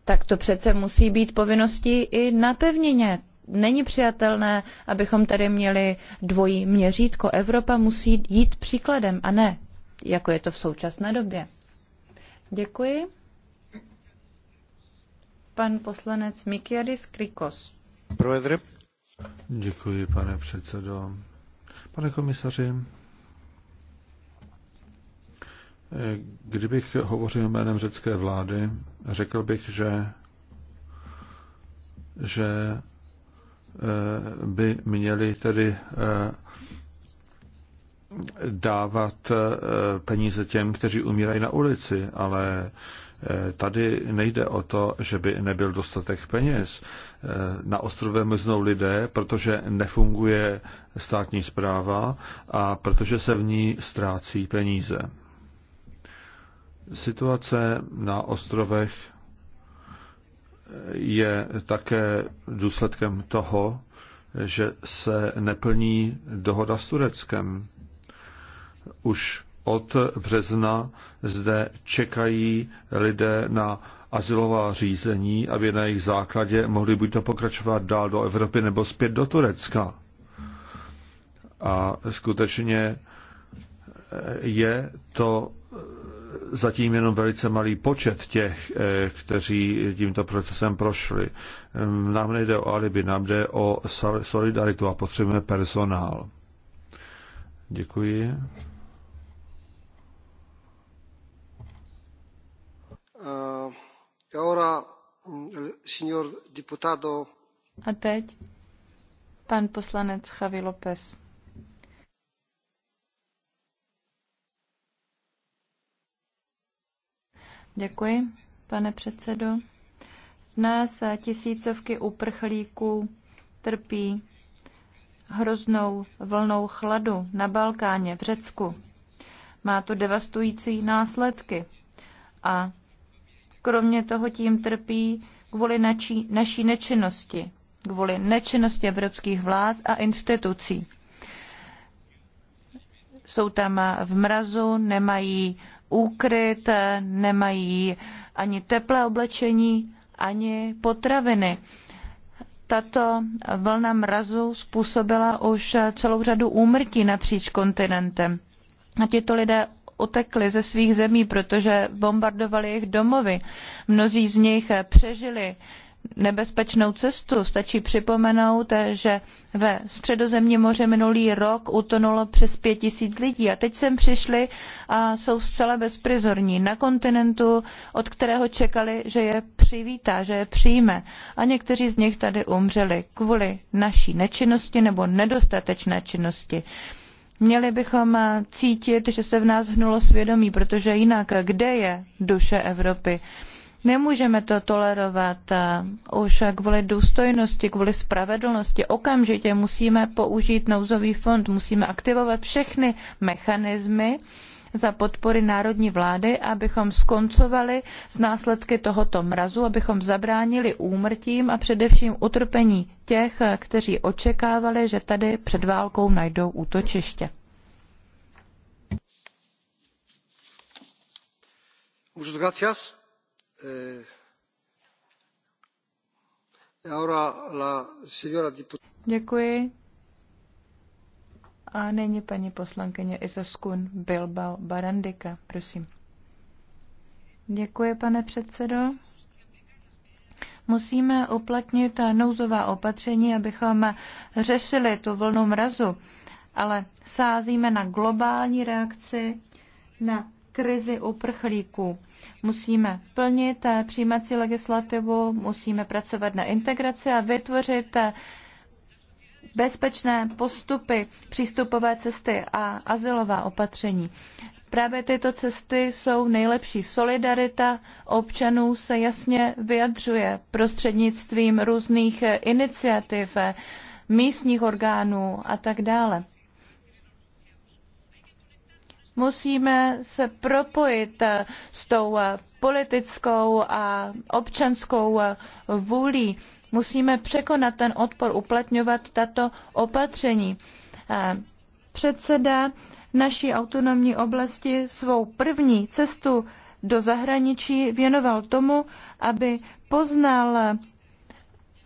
tak to přece musí být povinností i napevněně. Není přijatelné, abychom tady měli dvojí měřítko. Evropa musí jít příkladem a ne, jako je to v současné době. Děkuji. Pan poslanec Mikiadis Krikos. Provedr. Děkuji, pane předsedo. Pane komisaři, kdybych hovořil jménem řecké vlády, řekl bych, že, že eh, by měli tedy eh, dávat eh, peníze těm, kteří umírají na ulici, ale tady nejde o to, že by nebyl dostatek peněz. Na ostrově miznou lidé, protože nefunguje státní zpráva a protože se v ní ztrácí peníze. Situace na ostrovech je také důsledkem toho, že se neplní dohoda s Tureckem. Už od března zde čekají lidé na azylová řízení, aby na jejich základě mohli buď to pokračovat dál do Evropy nebo zpět do Turecka. A skutečně je to zatím jenom velice malý počet těch, eh, kteří tímto procesem prošli. Ehm, nám nejde o alibi, nám jde o solidaritu a potřebujeme personál. Děkuji. Eh, e mm, a teď pan poslanec Javi López. Děkuji, pane předsedo. Dnes tisícovky uprchlíků trpí hroznou vlnou chladu na Balkáně, v Řecku. Má to devastující následky. A kromě toho tím trpí kvůli naší, naší nečinnosti, kvůli nečinnosti evropských vlád a institucí. Jsou tam v mrazu, nemají úkryt, nemají ani teplé oblečení, ani potraviny. Tato vlna mrazu způsobila už celou řadu úmrtí napříč kontinentem. A tito lidé utekli ze svých zemí, protože bombardovali jejich domovy. Mnozí z nich přežili nebezpečnou cestu. Stačí připomenout, že ve středozemní moře minulý rok utonulo přes pět tisíc lidí a teď sem přišli a jsou zcela bezprizorní na kontinentu, od kterého čekali, že je přivítá, že je přijme. A někteří z nich tady umřeli kvůli naší nečinnosti nebo nedostatečné činnosti. Měli bychom cítit, že se v nás hnulo svědomí, protože jinak kde je duše Evropy? Nemůžeme to tolerovat eh, už kvůli důstojnosti, kvůli spravedlnosti. Okamžitě musíme použít nouzový fond, musíme aktivovat všechny mechanismy za podpory národní vlády, abychom skoncovali s následky tohoto mrazu, abychom zabránili úmrtím a především utrpení těch, eh, kteří očekávali, že tady před válkou najdou útočiště. Muchas gracias. Eh, Děkuji. A nyní paní poslankyně Izaskun Bilbao Barandika, prosím. Děkuji, pane předsedo. Musíme uplatnit nouzová opatření, abychom řešili tu vlnu mrazu, ale sázíme na globální reakci, na krizi uprchlíků. Musíme plnit eh, přijímací legislativu, musíme pracovat na integraci a vytvořit eh, bezpečné postupy, přístupové cesty a asilová opatření. Právě tyto cesty jsou nejlepší. Solidarita občanů se jasně vyjadřuje prostřednictvím různých eh, iniciativ, místních orgánů a tak dále. Musíme se propojit s tou politickou a občanskou vůlí. Musíme překonat ten odpor, uplatňovat tato opatření. Eh, předseda naší autonomní oblasti svou první cestu do zahraničí věnoval tomu, aby poznal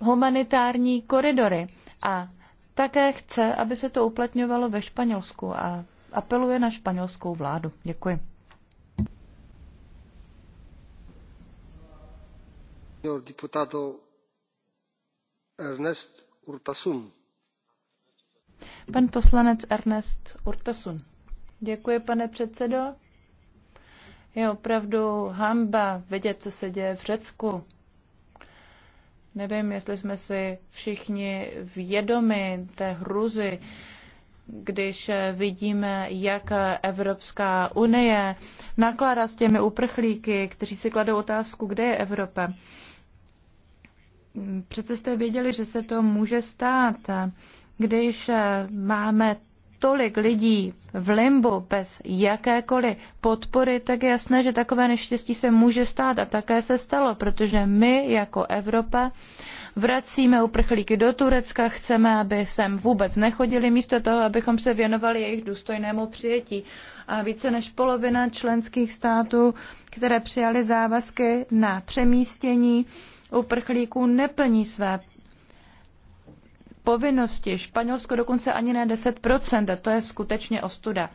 humanitární koridory a také chce, aby se to uplatňovalo ve Španělsku a apeluje na španělskou vládu. Děkuji. Ernest Pan poslanec Ernest Urtasun. Děkuji, pane předsedo. Je opravdu hamba vidět, co se děje v Řecku. Nevím, jestli jsme si všichni vědomi té hruzy, když vidíme, jak Evropská unie nakládá s těmi uprchlíky, kteří si kladou otázku, kde je Evropa. Přece jste věděli, že se to může stát, když máme tolik lidí v limbu bez jakékoliv podpory, tak je jasné, že takové neštěstí se může stát a také se stalo, protože my jako Evropa vracíme uprchlíky do Turecka, chceme, aby sem vůbec nechodili, místo toho, abychom se věnovali jejich důstojnému přijetí. A více než polovina členských států, které přijaly závazky na přemístění uprchlíků, neplní své povinnosti. Španělsko dokonce ani ne 10%, a to je skutečně ostuda.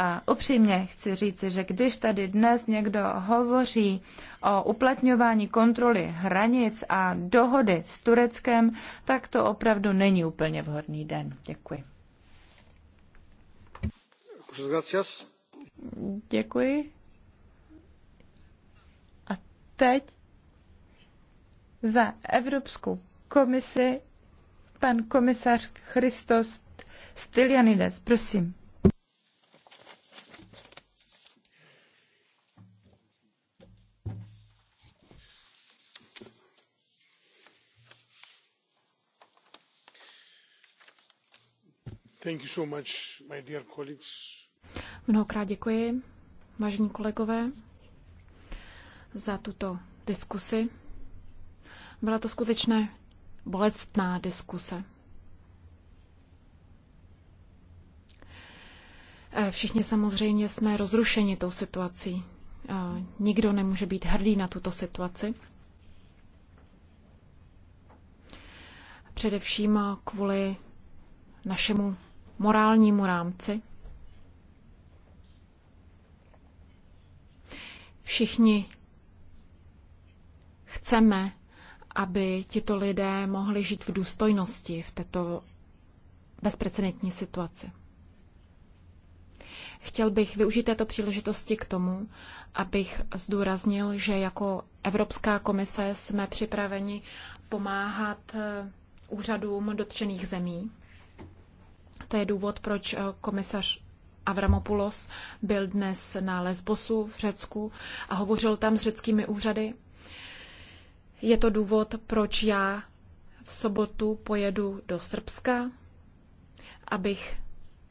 A upřímně chci říct, že když tady dnes někdo hovoří o uplatňování kontroly hranic a dohody s Tureckem, tak to opravdu není úplně vhodný den. Děkuji. Děkuji. A teď za Evropskou komisi pan komisař Christos Stylianides, prosím. Thank you so much, my dear colleagues. Mnohokrát děkuji, vážení kolegové, za tuto diskusi. Byla to skutečně bolestná diskuse. Eh, všichni samozřejmě jsme rozrušeni tou situací. Eh, nikdo nemůže být hrdý na tuto situaci. Především eh, kvůli našemu morálnímu rámci. Všichni chceme, aby tito lidé mohli žít v důstojnosti v této bezprecedentní situaci. Chtěl bych využít této příležitosti k tomu, abych zdůraznil, že jako Evropská komise jsme připraveni pomáhat eh, úřadům dotčených zemí to je důvod, proč eh, komisař Avramopoulos byl dnes na Lesbosu v Řecku a hovořil tam s řeckými úřady. Je to důvod, proč já v sobotu pojedu do Srbska, abych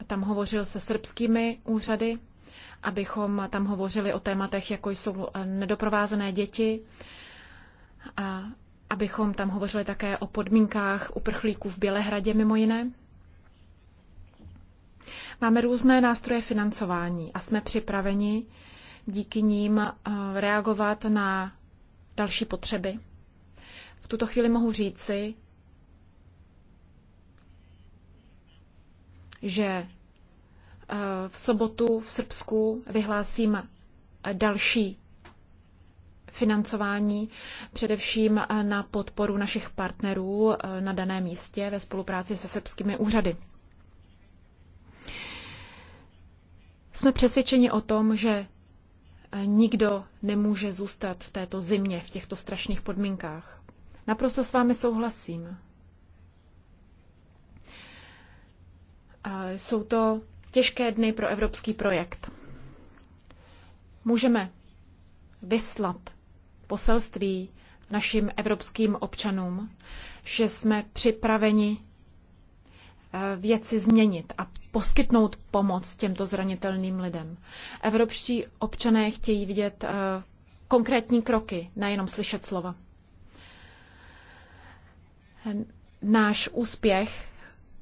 tam hovořil se srbskými úřady, abychom tam hovořili o tématech, jako jsou eh, nedoprovázené děti, a abychom tam hovořili také o podmínkách uprchlíků v Bělehradě mimo jiné. Máme různé nástroje financování a jsme připraveni díky ním eh, reagovat na další potřeby. V tuto chvíli mohu říci, že eh, v sobotu v Srbsku vyhlásím eh, další financování, především na podporu našich partnerů na daném místě ve spolupráci se srbskými úřady. Jsme přesvědčeni o tom, že eh, nikdo nemůže zůstat v této zimě, v těchto strašných podmínkách. Naprosto s vámi souhlasím. A jsou to těžké dny pro evropský projekt. Můžeme vyslat poselství našim evropským občanům, že jsme připraveni Eh, věci změnit a poskytnout pomoc těmto zranitelným lidem. Evropští občané chtějí vidět eh, konkrétní kroky, nejenom slyšet slova. Náš úspěch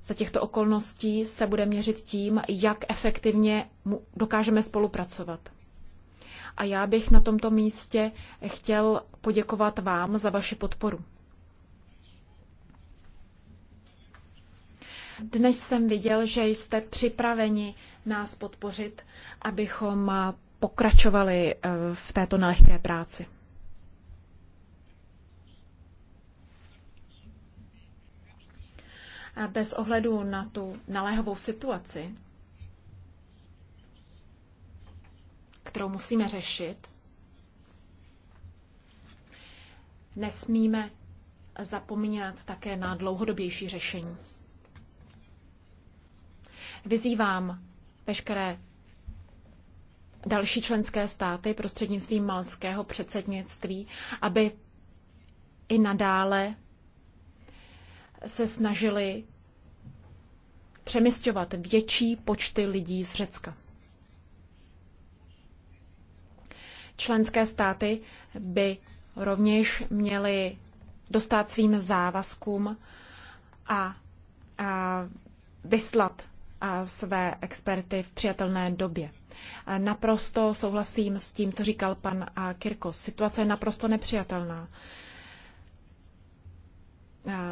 za těchto okolností se bude měřit tím, jak efektivně dokážeme spolupracovat. A já bych na tomto místě chtěl poděkovat vám za vaši podporu. Dnes jsem viděl, že jste připraveni nás podpořit, abychom pokračovali eh, v této nelehké práci. A bez ohledu na tu naléhovou situaci, kterou musíme řešit, nesmíme zapomínat také na dlouhodobější řešení. Vyzývám veškeré další členské státy prostřednictvím malského předsednictví, aby i nadále se snažili přemysťovat větší počty lidí z Řecka. Členské státy by rovněž měly dostat svým závazkům a, a vyslat své experty v přijatelné době. Naprosto souhlasím s tím, co říkal pan Kirkos. Situace je naprosto nepřijatelná.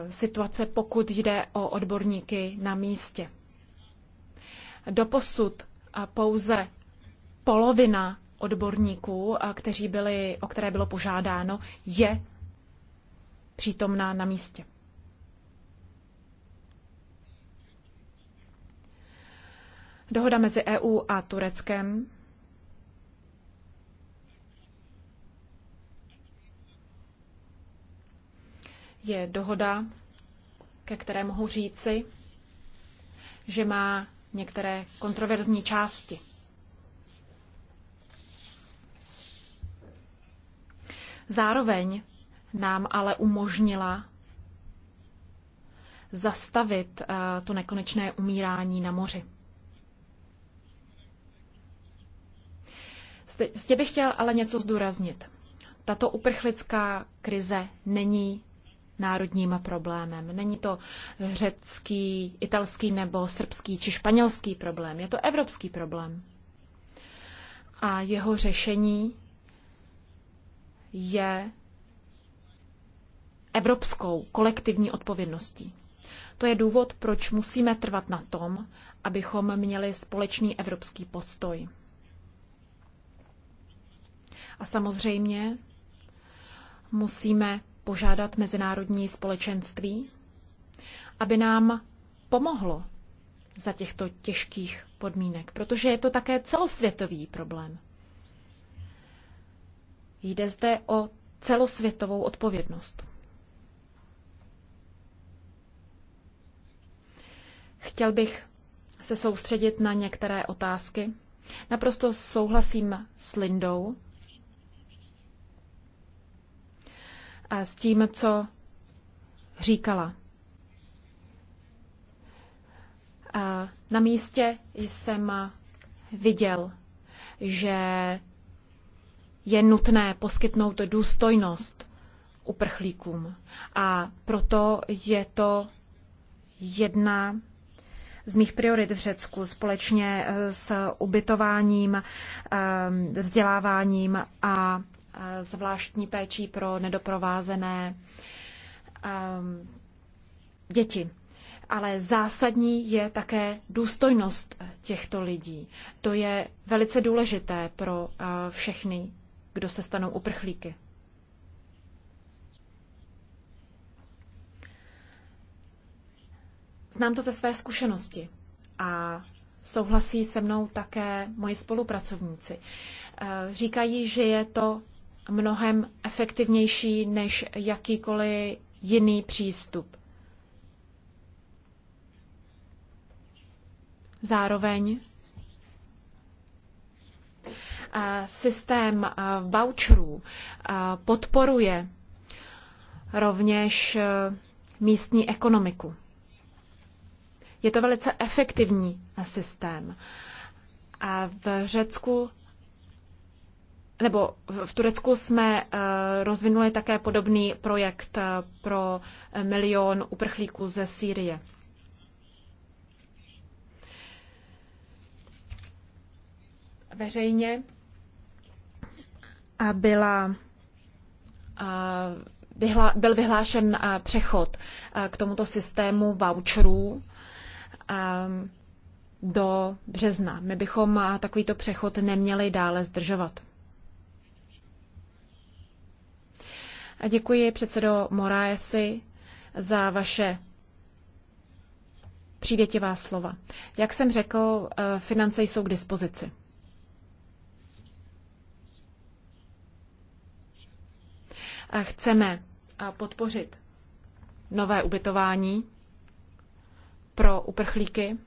Situace, pokud jde o odborníky na místě. Doposud pouze polovina odborníků, kteří byli, o které bylo požádáno, je přítomná na místě. Dohoda mezi EU a Tureckem je dohoda, ke které mohu říci, že má některé kontroverzní části. Zároveň nám ale umožnila zastavit eh, to nekonečné umírání na moři. Zde bych chtěl ale něco zdůraznit. Tato uprchlická krize není národním problémem. Není to řecký, italský nebo srbský či španělský problém. Je to evropský problém. A jeho řešení je evropskou kolektivní odpovědností. To je důvod, proč musíme trvat na tom, abychom měli společný evropský postoj. A samozřejmě musíme požádat mezinárodní společenství, aby nám pomohlo za těchto těžkých podmínek, protože je to také celosvětový problém. Jde zde o celosvětovou odpovědnost. Chtěl bych se soustředit na některé otázky. Naprosto souhlasím s Lindou s tím, co říkala. Na místě jsem viděl, že je nutné poskytnout důstojnost uprchlíkům. A proto je to jedna z mých priorit v Řecku společně s ubytováním, eh, vzděláváním a zvláštní péčí pro nedoprovázené um, děti. Ale zásadní je také důstojnost těchto lidí. To je velice důležité pro uh, všechny, kdo se stanou uprchlíky. Znám to ze své zkušenosti a souhlasí se mnou také moji spolupracovníci. Uh, říkají, že je to mnohem efektivnější než jakýkoliv jiný přístup. Zároveň systém voucherů podporuje rovněž e, místní ekonomiku. Je to velice efektivní systém. A v Řecku nebo v Turecku jsme eh, rozvinuli také podobný projekt eh, pro milion uprchlíků ze Sýrie. Veřejně eh, byla, byl vyhlášen přechod k tomuto systému voucherů do března. My bychom takovýto přechod neměli dále zdržovat. děkuji předsedo Moraesi za vaše přívětivá slova. Jak jsem řekl, eh, finance jsou k dispozici. A chceme eh, podpořit nové ubytování pro uprchlíky.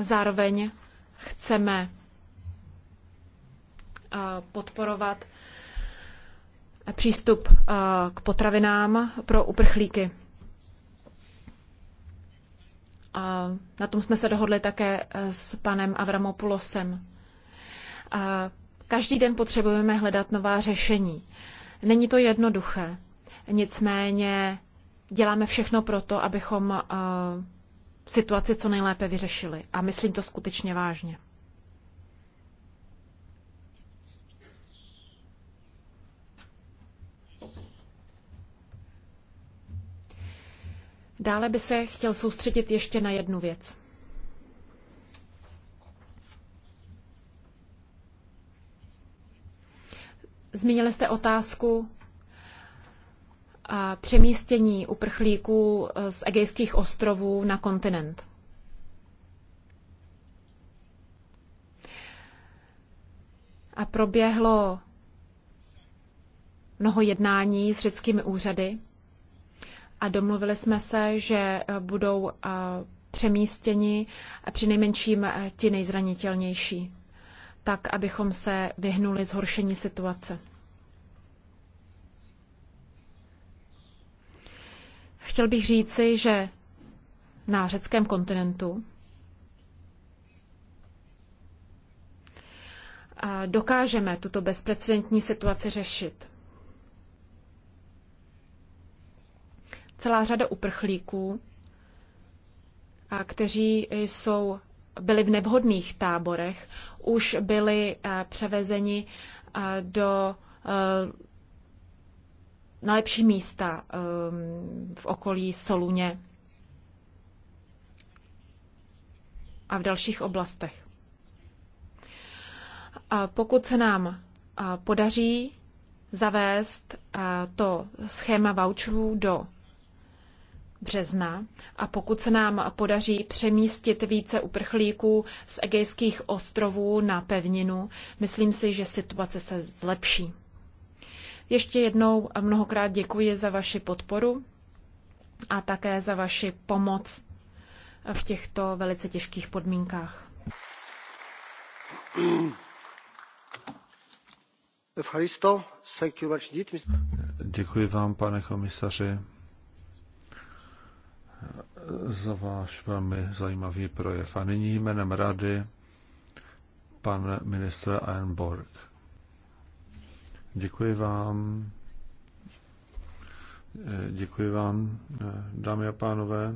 Zároveň chceme podporovat přístup k potravinám pro uprchlíky. A na tom jsme se dohodli také e, s panem Avramopulosem. A každý den potřebujeme hledat nová řešení. Není to jednoduché, nicméně děláme všechno pro to, abychom situaci co nejlépe vyřešili. A myslím to skutečně vážně. Dále by se chtěl soustředit ještě na jednu věc. Zmínili jste otázku a přemístění uprchlíků e, z egejských ostrovů na kontinent. A proběhlo mnoho jednání s řeckými úřady a domluvili jsme se, že eh, budou eh, přemístěni při nejmenším eh, ti nejzranitelnější, tak abychom se vyhnuli zhoršení situace. Chtěl bych říci, že na řeckém kontinentu dokážeme tuto bezprecedentní situaci řešit. celá řada uprchlíků, kteří jsou, byli v nevhodných táborech, už byli eh, převezeni eh, do eh, na lepší místa ehm, v okolí Soluně a v dalších oblastech. A pokud se nám podaří zavést to schéma voucherů do března a pokud se nám podaří přemístit více uprchlíků z egejských ostrovů na pevninu, myslím si, že situace se zlepší. Ještě jednou a mnohokrát děkuji za vaši podporu a také za vaši pomoc v těchto velice těžkých podmínkách. Děkuji vám, pane komisaři za váš velmi zajímavý projev. A nyní jménem rady pan ministr Einborg. Děkuji vám. Děkuji vám, dámy a pánové.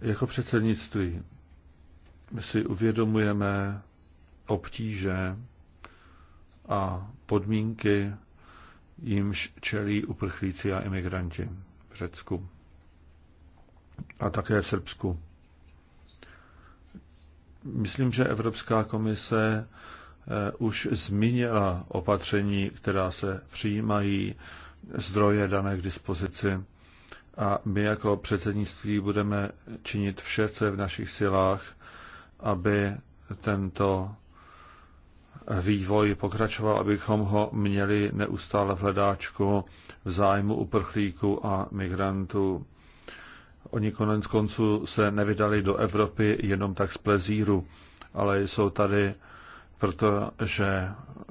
Jako předsednictví si uvědomujeme obtíže a podmínky, jimž čelí uprchlíci a imigranti. Řecku a také v Srbsku. Myslím, že Evropská komise eh, už zmínila opatření, která se přijímají, zdroje dané k dispozici a my jako předsednictví budeme činit vše, co je v našich silách, aby tento vývoj pokračoval, abychom ho měli neustále v hledáčku v zájmu uprchlíků a migrantů. Oni konec konců se nevydali do Evropy jenom tak z plezíru, ale jsou tady protože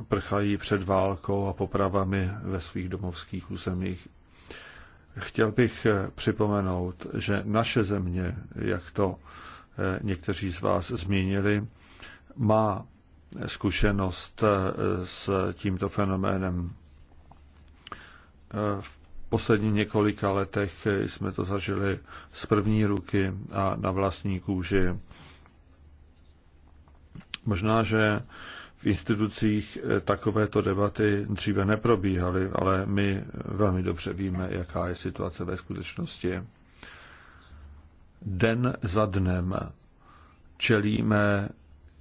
prchají před válkou a popravami ve svých domovských územích. Chtěl bych připomenout, že naše země, jak to eh, někteří z vás zmínili, má zkušenost eh, s tímto fenoménem. Eh, v posledních několika letech jsme to zažili z první ruky a na vlastní kůži. Možná, že v institucích eh, takovéto debaty dříve neprobíhaly, ale my velmi dobře víme, jaká je situace ve skutečnosti. Den za dnem čelíme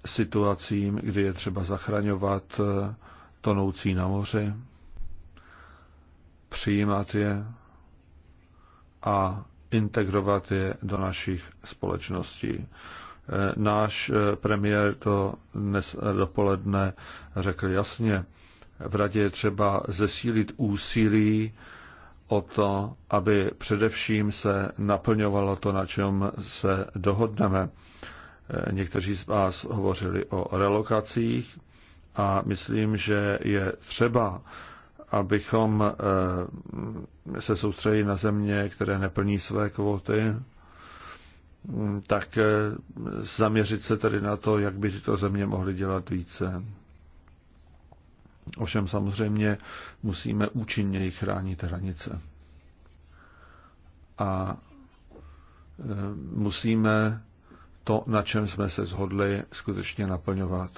situacím, kdy je třeba zachraňovat eh, tonoucí na moři, přijímat je a integrovat je do našich společností. Eh, náš eh, premiér to dnes dopoledne řekl jasně. V radě je třeba zesílit úsilí o to, aby především se naplňovalo to, na čem se dohodneme. Eh, někteří z vás hovořili o relokacích a myslím, že je třeba, abychom eh, se soustředili na země, které neplní své kvóty, hm, tak eh, zaměřit se tedy na to, jak by tyto země mohly dělat více. Ovšem samozřejmě musíme účinněji chránit hranice. A musíme to, na čem jsme se zhodli skutečně naplňovat.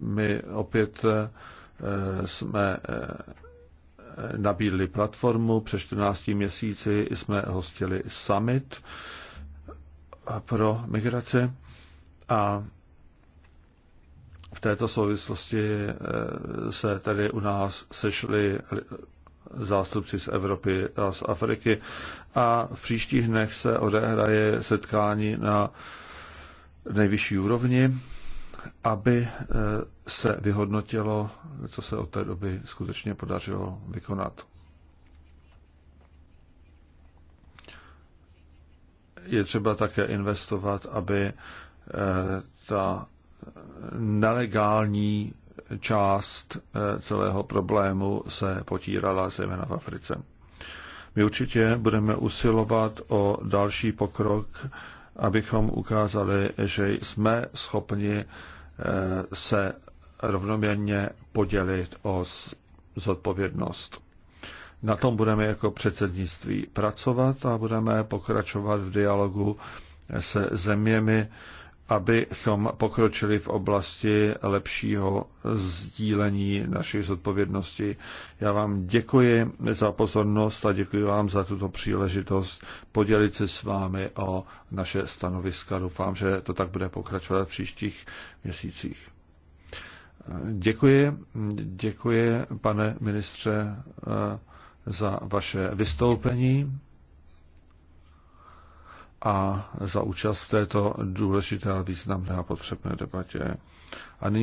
My opět eh, jsme eh, nabídli platformu, před 14 měsíci jsme hostili summit eh, pro migraci a v této souvislosti se tady u nás sešli zástupci z Evropy a z Afriky. A v příštích dnech se odehraje setkání na nejvyšší úrovni, aby eh, se vyhodnotilo, co se od té doby skutečně podařilo vykonat. Je třeba také investovat, aby eh, ta nelegální část eh, celého problému se potírala zejména v Africe. My určitě budeme usilovat o další pokrok, abychom ukázali, že jsme schopni eh, se rovnoměrně podělit o zodpovědnost. Na tom budeme jako předsednictví pracovat a budeme pokračovat v dialogu se zeměmi, abychom pokročili v oblasti lepšího sdílení našich zodpovědností. Já vám děkuji za pozornost a děkuji vám za tuto příležitost podělit se s vámi o naše stanoviska. Doufám, že to tak bude pokračovat v příštích měsících. Děkuji, děkuji, pane ministře, za vaše vystoupení a za účast v této důležité a významné a potřebné debatě. A nyní